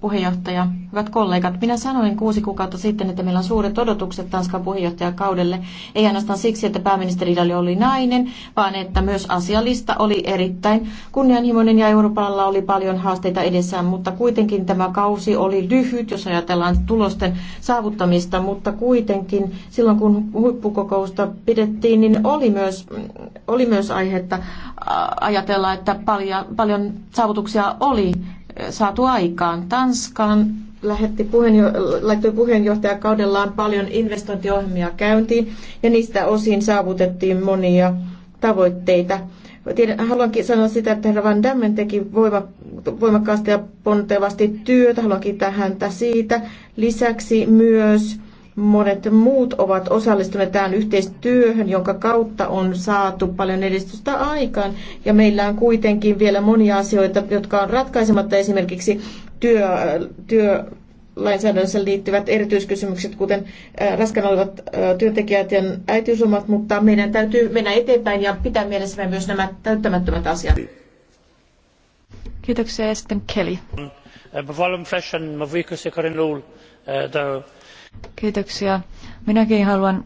puheenjohtaja, hyvät kollegat. Minä sanoin kuusi kuukautta sitten, että meillä on suuret odotukset Tanskan puheenjohtajakaudelle. Ei ainoastaan siksi, että pääministeri Dali oli nainen, vaan että myös asialista oli erittäin kunnianhimoinen ja Euroopalla oli paljon haasteita edessään, mutta kuitenkin tämä kausi oli lyhyt, jos ajatellaan tulosten saavuttamista, mutta kuitenkin silloin kun huippukokousta pidettiin, niin oli myös, oli myös aihetta ajatella, että paljon, paljon saavutuksia oli saatu aikaan. Tanskan lähetti puheenjo- laittoi puheenjohtajakaudellaan paljon investointiohjelmia käyntiin ja niistä osin saavutettiin monia tavoitteita. Tiedän, haluankin sanoa sitä, että herra Van Dammen teki voima, voimakkaasti ja pontevasti työtä. Haluan kiittää häntä siitä. Lisäksi myös monet muut ovat osallistuneet tähän yhteistyöhön, jonka kautta on saatu paljon edistystä aikaan. Ja meillä on kuitenkin vielä monia asioita, jotka on ratkaisematta, esimerkiksi työ, työ liittyvät erityiskysymykset, kuten äh, raskana olevat äh, työntekijät ja äitiyslomat, mutta meidän täytyy mennä eteenpäin ja pitää mielessämme myös nämä täyttämättömät asiat. Kiitoksia ja sitten Kelly. Äh, Kiitoksia. Minäkin haluan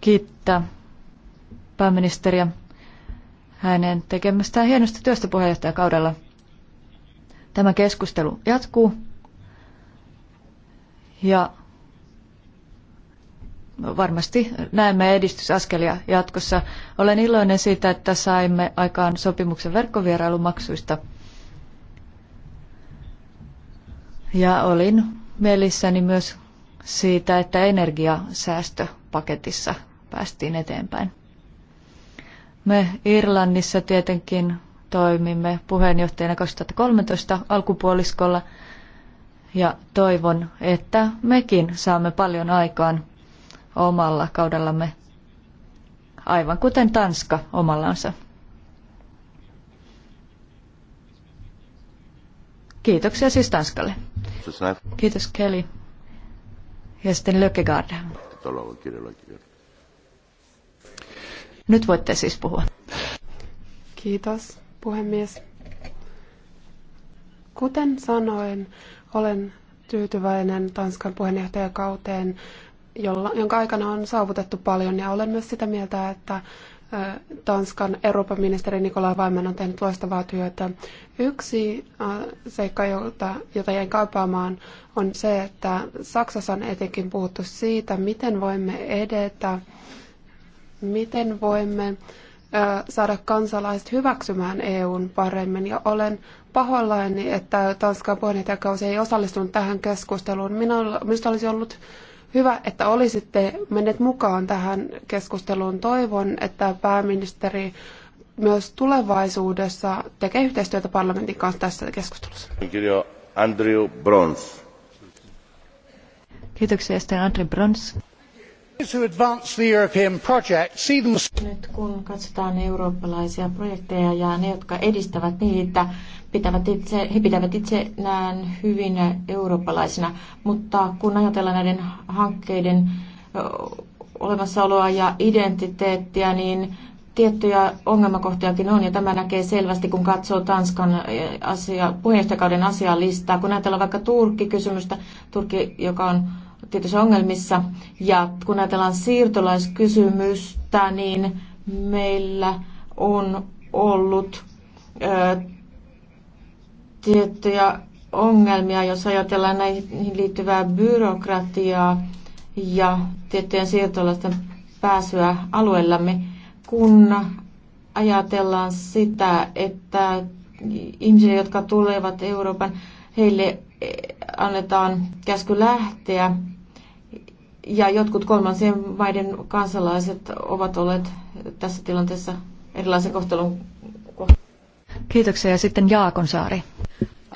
kiittää pääministeriä hänen tekemästään hienosta työstä puheenjohtajakaudella. Tämä keskustelu jatkuu ja varmasti näemme edistysaskelia jatkossa. Olen iloinen siitä, että saimme aikaan sopimuksen verkkovierailumaksuista. Ja olin mielissäni myös siitä, että energiasäästöpaketissa päästiin eteenpäin. Me Irlannissa tietenkin toimimme puheenjohtajana 2013 alkupuoliskolla ja toivon, että mekin saamme paljon aikaan omalla kaudellamme, aivan kuten Tanska omallansa. Kiitoksia siis Tanskalle. Kiitos Kelly. Ja sitten Nyt voitte siis puhua. Kiitos, puhemies. Kuten sanoin, olen tyytyväinen Tanskan puheenjohtajakauteen, jolla, jonka aikana on saavutettu paljon ja olen myös sitä mieltä, että Tanskan Euroopan ministeri Nikola Vaimen on tehnyt loistavaa työtä. Yksi seikka, jota, jota jäin kaipaamaan, on se, että Saksassa on etenkin puhuttu siitä, miten voimme edetä, miten voimme saada kansalaiset hyväksymään EUn paremmin. Ja olen pahoillani, että Tanskan puheenjohtajakausi ei osallistunut tähän keskusteluun. Minulla, minusta olisi ollut Hyvä, että olisitte menneet mukaan tähän keskusteluun. Toivon, että pääministeri myös tulevaisuudessa tekee yhteistyötä parlamentin kanssa tässä keskustelussa. Kirjo Andrew Brons. Kiitoksia, sitten Andrew Brons. Nyt kun katsotaan eurooppalaisia projekteja ja ne, jotka edistävät niitä, pitävät itse, he pitävät näin hyvin eurooppalaisina, mutta kun ajatellaan näiden hankkeiden olemassaoloa ja identiteettiä, niin tiettyjä ongelmakohtiakin on, ja tämä näkee selvästi, kun katsoo Tanskan asia, puheenjohtajakauden asialistaa. Kun ajatellaan vaikka Turkki-kysymystä, Turkki, joka on tietyissä ongelmissa, ja kun ajatellaan siirtolaiskysymystä, niin meillä on ollut ö, tiettyjä ongelmia, jos ajatellaan näihin liittyvää byrokratiaa ja tiettyjen siirtolaisten pääsyä alueellamme, kun ajatellaan sitä, että ihmisille, jotka tulevat Euroopan, heille eh, annetaan käsky lähteä ja jotkut kolmansien maiden kansalaiset ovat olleet tässä tilanteessa erilaisen kohtelun Kiitoksia ja sitten Jaakonsaari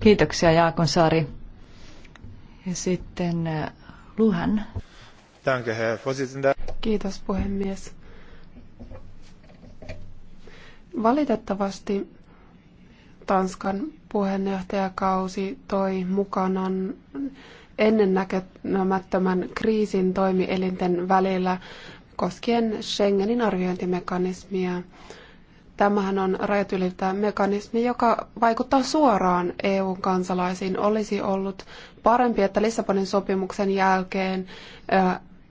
Kiitoksia Jaakonsaari. Ja sitten äh, Luhan. Danke, Herr Vorsitzender. Kiitos puhemies. Valitettavasti Tanskan puheenjohtajakausi toi mukanaan ennennäkemättömän kriisin toimielinten välillä koskien Schengenin arviointimekanismia. Tämähän on rajat ylittävä mekanismi, joka vaikuttaa suoraan EU-kansalaisiin. Olisi ollut parempi, että Lissabonin sopimuksen jälkeen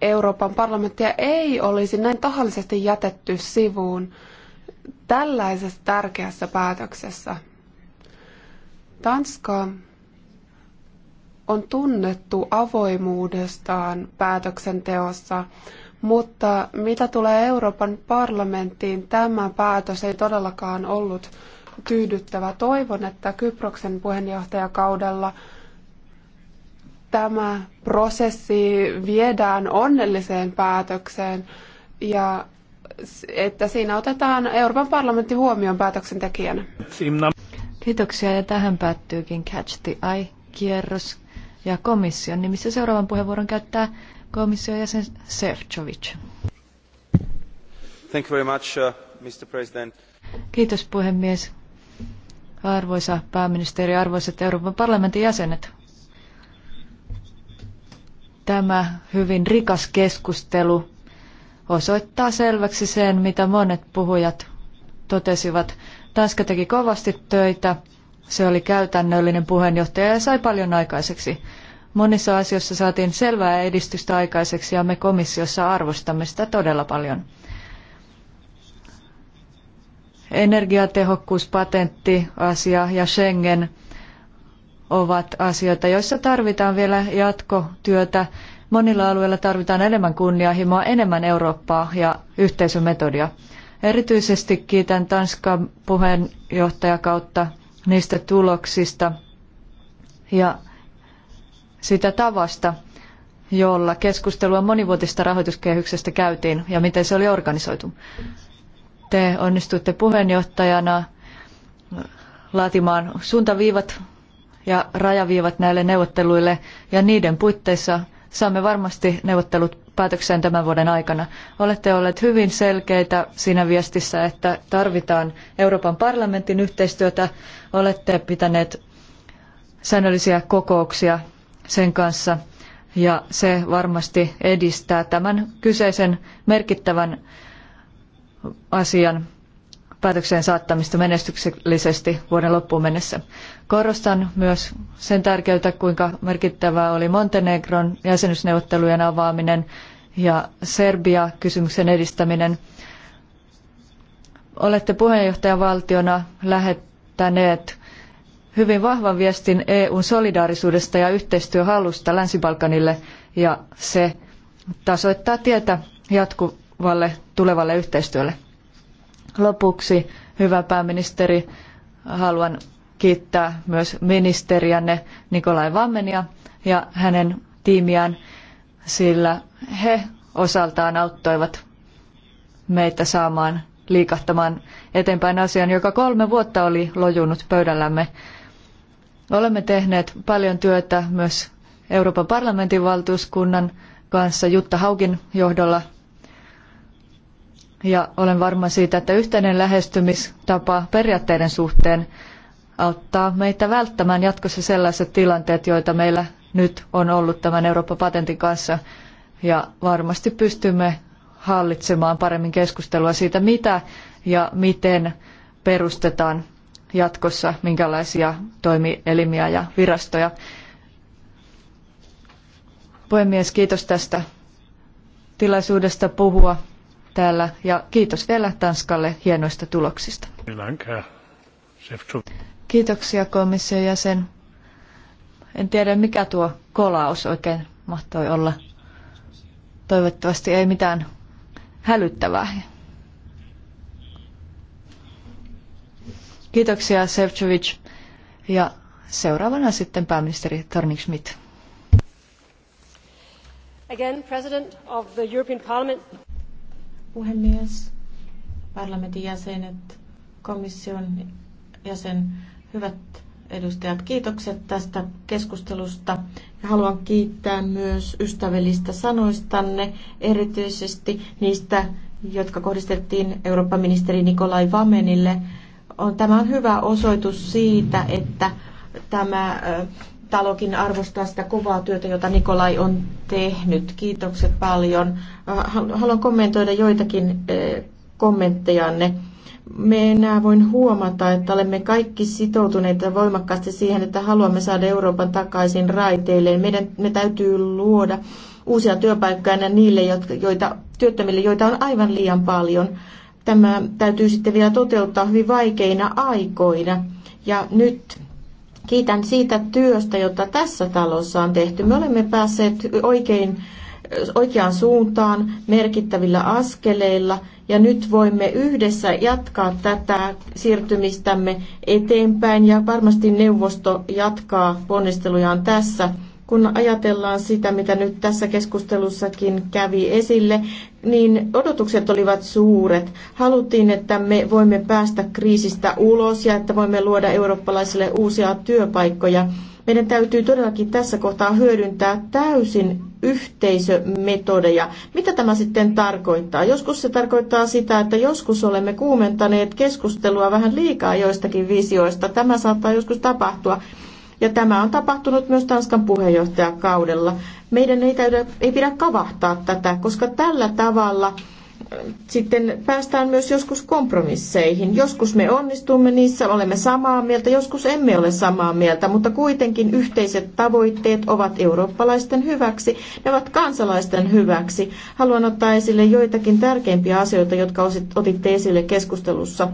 Euroopan parlamenttia ei olisi näin tahallisesti jätetty sivuun tällaisessa tärkeässä päätöksessä. Tanska on tunnettu avoimuudestaan päätöksenteossa mutta mitä tulee Euroopan parlamenttiin, tämä päätös ei todellakaan ollut tyydyttävä. Toivon, että Kyproksen puheenjohtajakaudella tämä prosessi viedään onnelliseen päätökseen ja että siinä otetaan Euroopan parlamentti huomioon päätöksentekijänä. Kiitoksia ja tähän päättyykin Catch the Eye-kierros. Ja komission nimissä seuraavan puheenvuoron käyttää komission jäsen Sefcovic. Thank you very much, uh, Mr. President. Kiitos puhemies. Arvoisa pääministeri, arvoisat Euroopan parlamentin jäsenet. Tämä hyvin rikas keskustelu osoittaa selväksi sen, mitä monet puhujat totesivat. Tanska teki kovasti töitä, se oli käytännöllinen puheenjohtaja ja sai paljon aikaiseksi. Monissa asioissa saatiin selvää edistystä aikaiseksi ja me komissiossa arvostamme sitä todella paljon. Energiatehokkuuspatentti, asia ja Schengen ovat asioita, joissa tarvitaan vielä jatkotyötä. Monilla alueilla tarvitaan enemmän kunnianhimoa, enemmän Eurooppaa ja yhteisömetodia. Erityisesti kiitän Tanskan puheenjohtajakautta niistä tuloksista ja sitä tavasta, jolla keskustelua monivuotisesta rahoituskehyksestä käytiin ja miten se oli organisoitu. Te onnistuitte puheenjohtajana laatimaan suuntaviivat ja rajaviivat näille neuvotteluille ja niiden puitteissa saamme varmasti neuvottelut päätökseen tämän vuoden aikana. Olette olleet hyvin selkeitä siinä viestissä, että tarvitaan Euroopan parlamentin yhteistyötä. Olette pitäneet säännöllisiä kokouksia sen kanssa ja se varmasti edistää tämän kyseisen merkittävän asian päätökseen saattamista menestyksellisesti vuoden loppuun mennessä. Korostan myös sen tärkeyttä, kuinka merkittävää oli Montenegron jäsenyysneuvottelujen avaaminen ja Serbia-kysymyksen edistäminen. Olette puheenjohtajavaltiona lähettäneet hyvin vahvan viestin EUn solidaarisuudesta ja yhteistyöhalusta Länsi-Balkanille ja se tasoittaa tietä jatkuvalle tulevalle yhteistyölle. Lopuksi, hyvä pääministeri, haluan kiittää myös ministeriänne Nikolai Vammenia ja hänen tiimiään, sillä he osaltaan auttoivat meitä saamaan liikahtamaan eteenpäin asian, joka kolme vuotta oli lojunut pöydällämme Olemme tehneet paljon työtä myös Euroopan parlamentin valtuuskunnan kanssa Jutta Haukin johdolla. Ja olen varma siitä, että yhteinen lähestymistapa periaatteiden suhteen auttaa meitä välttämään jatkossa sellaiset tilanteet, joita meillä nyt on ollut tämän Euroopan patentin kanssa. Ja varmasti pystymme hallitsemaan paremmin keskustelua siitä, mitä ja miten perustetaan jatkossa, minkälaisia toimielimiä ja virastoja. Puhemies, kiitos tästä tilaisuudesta puhua täällä ja kiitos vielä Tanskalle hienoista tuloksista. Kiitoksia komission jäsen. En tiedä mikä tuo kolaus oikein mahtoi olla. Toivottavasti ei mitään hälyttävää. Kiitoksia Sevcevic. Ja seuraavana sitten pääministeri Tornik Schmidt. Again, President of the European Parliament. Puhemies, parlamentin jäsenet, komission jäsen, hyvät edustajat, kiitokset tästä keskustelusta ja haluan kiittää myös ystävällistä sanoistanne, erityisesti niistä, jotka kohdistettiin Eurooppa-ministeri Nikolai Vamenille – on, tämä on hyvä osoitus siitä, että tämä talokin arvostaa sitä kovaa työtä, jota Nikolai on tehnyt. Kiitokset paljon. Haluan kommentoida joitakin kommenttejanne. Me enää voin huomata, että olemme kaikki sitoutuneita voimakkaasti siihen, että haluamme saada Euroopan takaisin raiteilleen. Meidän me täytyy luoda uusia työpaikkoja niille, jotka, joita, työttömille, joita on aivan liian paljon. Tämä täytyy sitten vielä toteuttaa hyvin vaikeina aikoina. Ja nyt kiitän siitä työstä, jota tässä talossa on tehty. Me olemme päässeet oikein, oikeaan suuntaan merkittävillä askeleilla ja nyt voimme yhdessä jatkaa tätä siirtymistämme eteenpäin ja varmasti neuvosto jatkaa ponnistelujaan tässä kun ajatellaan sitä, mitä nyt tässä keskustelussakin kävi esille, niin odotukset olivat suuret. Haluttiin, että me voimme päästä kriisistä ulos ja että voimme luoda eurooppalaisille uusia työpaikkoja. Meidän täytyy todellakin tässä kohtaa hyödyntää täysin yhteisömetodeja. Mitä tämä sitten tarkoittaa? Joskus se tarkoittaa sitä, että joskus olemme kuumentaneet keskustelua vähän liikaa joistakin visioista. Tämä saattaa joskus tapahtua. Ja tämä on tapahtunut myös Tanskan puheenjohtajakaudella. Meidän ei, täydä, ei pidä kavahtaa tätä, koska tällä tavalla äh, sitten päästään myös joskus kompromisseihin. Joskus me onnistumme niissä, olemme samaa mieltä, joskus emme ole samaa mieltä, mutta kuitenkin yhteiset tavoitteet ovat eurooppalaisten hyväksi, ne ovat kansalaisten hyväksi. Haluan ottaa esille joitakin tärkeimpiä asioita, jotka otitte esille keskustelussa.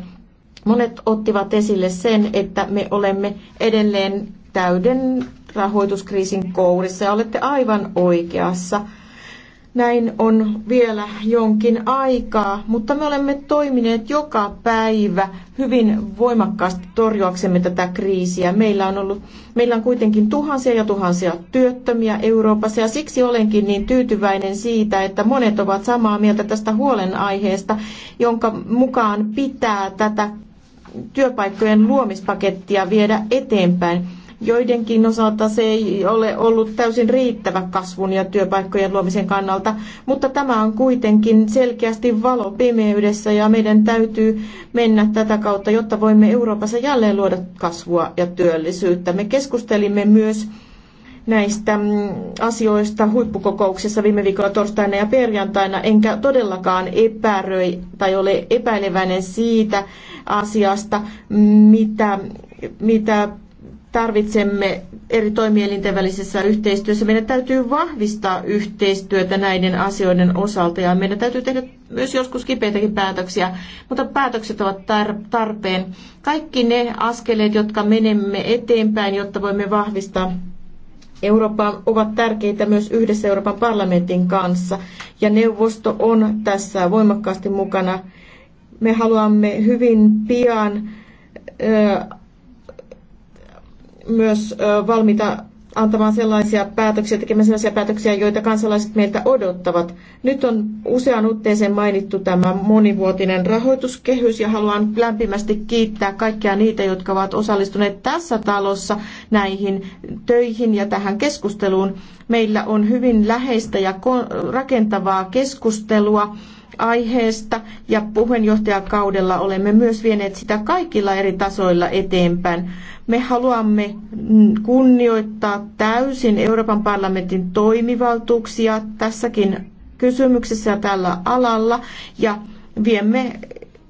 Monet ottivat esille sen, että me olemme edelleen täyden rahoituskriisin kourissa ja olette aivan oikeassa. Näin on vielä jonkin aikaa, mutta me olemme toimineet joka päivä hyvin voimakkaasti torjuaksemme tätä kriisiä. Meillä on, ollut, meillä on kuitenkin tuhansia ja tuhansia työttömiä Euroopassa ja siksi olenkin niin tyytyväinen siitä, että monet ovat samaa mieltä tästä huolenaiheesta, jonka mukaan pitää tätä työpaikkojen luomispakettia viedä eteenpäin Joidenkin osalta se ei ole ollut täysin riittävä kasvun ja työpaikkojen luomisen kannalta, mutta tämä on kuitenkin selkeästi valo pimeydessä ja meidän täytyy mennä tätä kautta, jotta voimme Euroopassa jälleen luoda kasvua ja työllisyyttä. Me keskustelimme myös näistä mm, asioista huippukokouksessa viime viikolla torstaina ja perjantaina, enkä todellakaan epäröi tai ole epäileväinen siitä asiasta, mitä, mitä tarvitsemme eri toimielinten välisessä yhteistyössä. Meidän täytyy vahvistaa yhteistyötä näiden asioiden osalta ja meidän täytyy tehdä myös joskus kipeitäkin päätöksiä, mutta päätökset ovat tarpeen. Kaikki ne askeleet, jotka menemme eteenpäin, jotta voimme vahvistaa Euroopan ovat tärkeitä myös yhdessä Euroopan parlamentin kanssa ja neuvosto on tässä voimakkaasti mukana. Me haluamme hyvin pian ö, myös valmiita antamaan sellaisia päätöksiä, tekemään sellaisia päätöksiä, joita kansalaiset meiltä odottavat. Nyt on usean otteeseen mainittu tämä monivuotinen rahoituskehys ja haluan lämpimästi kiittää kaikkia niitä, jotka ovat osallistuneet tässä talossa näihin töihin ja tähän keskusteluun. Meillä on hyvin läheistä ja rakentavaa keskustelua aiheesta ja puheenjohtajakaudella olemme myös vieneet sitä kaikilla eri tasoilla eteenpäin. Me haluamme mm, kunnioittaa täysin Euroopan parlamentin toimivaltuuksia tässäkin kysymyksessä ja tällä alalla ja viemme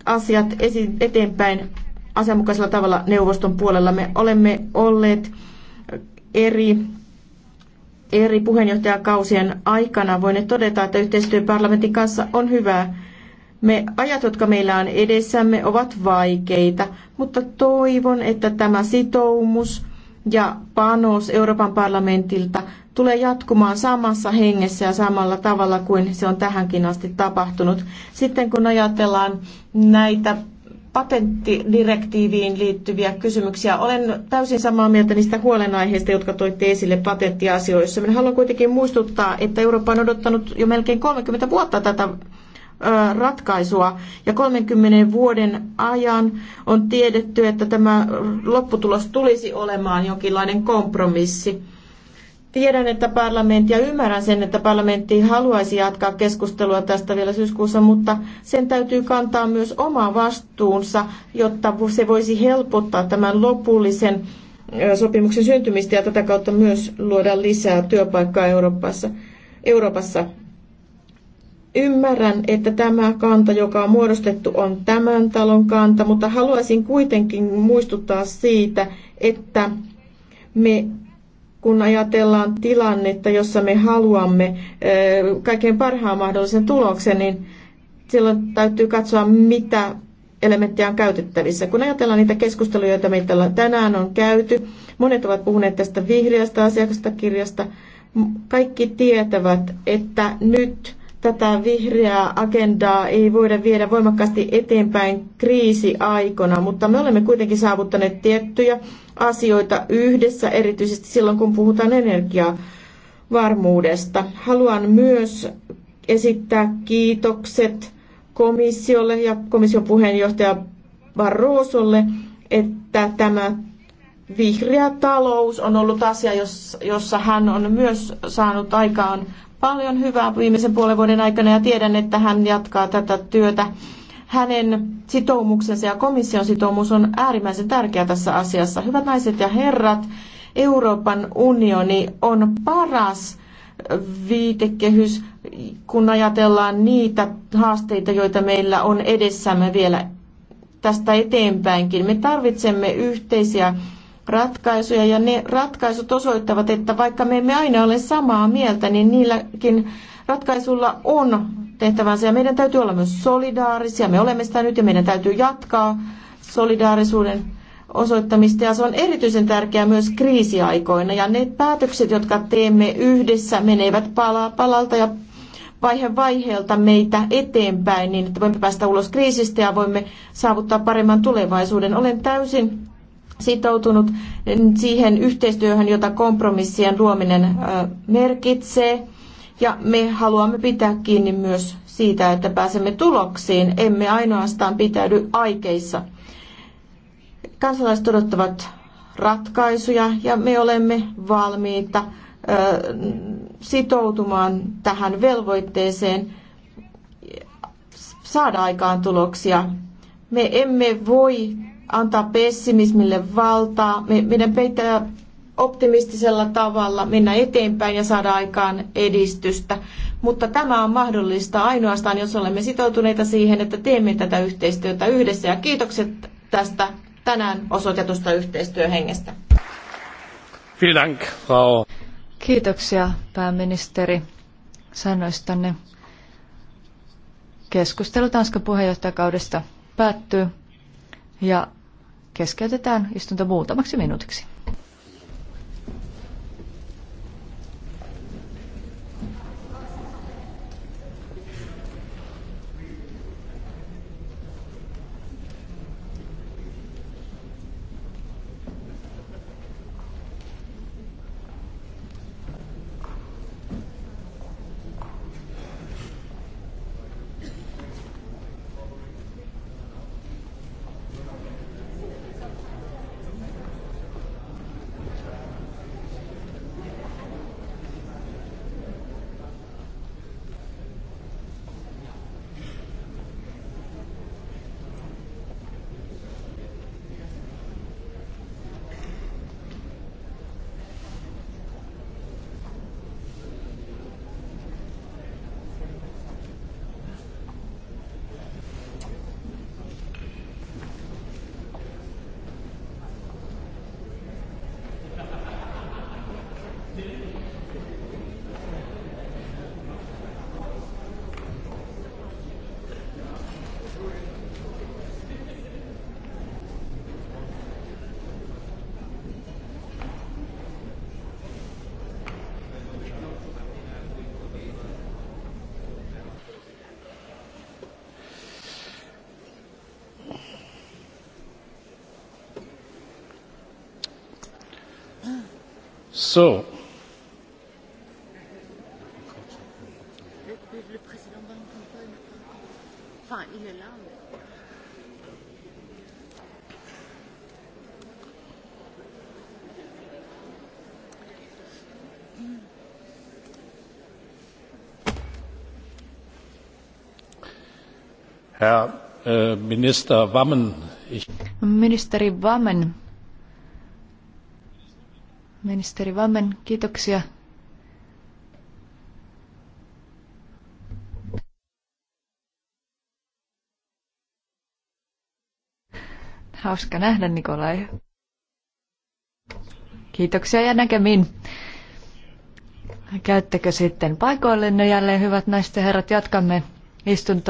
asiat eteenpäin asianmukaisella tavalla neuvoston puolella. Me olemme olleet eri eri puheenjohtajakausien aikana voineet todeta, että yhteistyö parlamentin kanssa on hyvää. Me ajat, jotka meillä on edessämme, ovat vaikeita, mutta toivon, että tämä sitoumus ja panos Euroopan parlamentilta tulee jatkumaan samassa hengessä ja samalla tavalla kuin se on tähänkin asti tapahtunut. Sitten kun ajatellaan näitä patenttidirektiiviin liittyviä kysymyksiä. Olen täysin samaa mieltä niistä huolenaiheista, jotka toitte esille patenttiasioissa. Minä haluan kuitenkin muistuttaa, että Eurooppa on odottanut jo melkein 30 vuotta tätä ratkaisua. Ja 30 vuoden ajan on tiedetty, että tämä lopputulos tulisi olemaan jonkinlainen kompromissi. Tiedän, että parlamentti ja ymmärrän sen, että parlamentti haluaisi jatkaa keskustelua tästä vielä syyskuussa, mutta sen täytyy kantaa myös oma vastuunsa, jotta se voisi helpottaa tämän lopullisen sopimuksen syntymistä ja tätä kautta myös luoda lisää työpaikkaa Euroopassa. Euroopassa. Ymmärrän, että tämä kanta, joka on muodostettu, on tämän talon kanta, mutta haluaisin kuitenkin muistuttaa siitä, että me kun ajatellaan tilannetta, jossa me haluamme eh, kaiken parhaan mahdollisen tuloksen, niin silloin täytyy katsoa, mitä elementtejä on käytettävissä. Kun ajatellaan niitä keskusteluja, joita meillä tänään on käyty, monet ovat puhuneet tästä vihreästä asiakastakirjasta, kaikki tietävät, että nyt tätä vihreää agendaa ei voida viedä voimakkaasti eteenpäin kriisiaikona, mutta me olemme kuitenkin saavuttaneet tiettyjä asioita yhdessä, erityisesti silloin kun puhutaan energiavarmuudesta. Haluan myös esittää kiitokset komissiolle ja komission puheenjohtaja Barrosolle, että tämä vihreä talous on ollut asia, jossa hän on myös saanut aikaan paljon hyvää viimeisen puolen vuoden aikana ja tiedän, että hän jatkaa tätä työtä. Hänen sitoumuksensa ja komission sitoumus on äärimmäisen tärkeä tässä asiassa. Hyvät naiset ja herrat, Euroopan unioni on paras viitekehys, kun ajatellaan niitä haasteita, joita meillä on edessämme vielä tästä eteenpäinkin. Me tarvitsemme yhteisiä ratkaisuja ja ne ratkaisut osoittavat, että vaikka me emme aina ole samaa mieltä, niin niilläkin ratkaisulla on tehtävänsä ja meidän täytyy olla myös solidaarisia. Me olemme sitä nyt ja meidän täytyy jatkaa solidaarisuuden osoittamista ja se on erityisen tärkeää myös kriisiaikoina ja ne päätökset, jotka teemme yhdessä, menevät pala palalta ja vaihe vaiheelta meitä eteenpäin niin, että voimme päästä ulos kriisistä ja voimme saavuttaa paremman tulevaisuuden. Olen täysin sitoutunut siihen yhteistyöhön, jota kompromissien luominen merkitsee. Ja me haluamme pitää kiinni myös siitä, että pääsemme tuloksiin, emme ainoastaan pitäydy aikeissa. Kansalaiset odottavat ratkaisuja ja me olemme valmiita sitoutumaan tähän velvoitteeseen saada aikaan tuloksia. Me emme voi antaa pessimismille valtaa. Meidän pitää optimistisella tavalla mennä eteenpäin ja saada aikaan edistystä. Mutta tämä on mahdollista ainoastaan, jos olemme sitoutuneita siihen, että teemme tätä yhteistyötä yhdessä. Ja kiitokset tästä tänään osoitetusta yhteistyöhengestä. Kiitoksia pääministeri sanoistanne. Keskustelu Tanskan puheenjohtajakaudesta päättyy ja keskeytetään istunto muutamaksi minuutiksi. So. Herr äh, Minister Wammen, ich Ministeri Vammen, Ministeri Vammen, kiitoksia. Hauska nähdä, Nikolai. Kiitoksia ja näkemin. Käyttäkö sitten paikoillenne jälleen, hyvät naiset ja herrat, jatkamme istuntoa.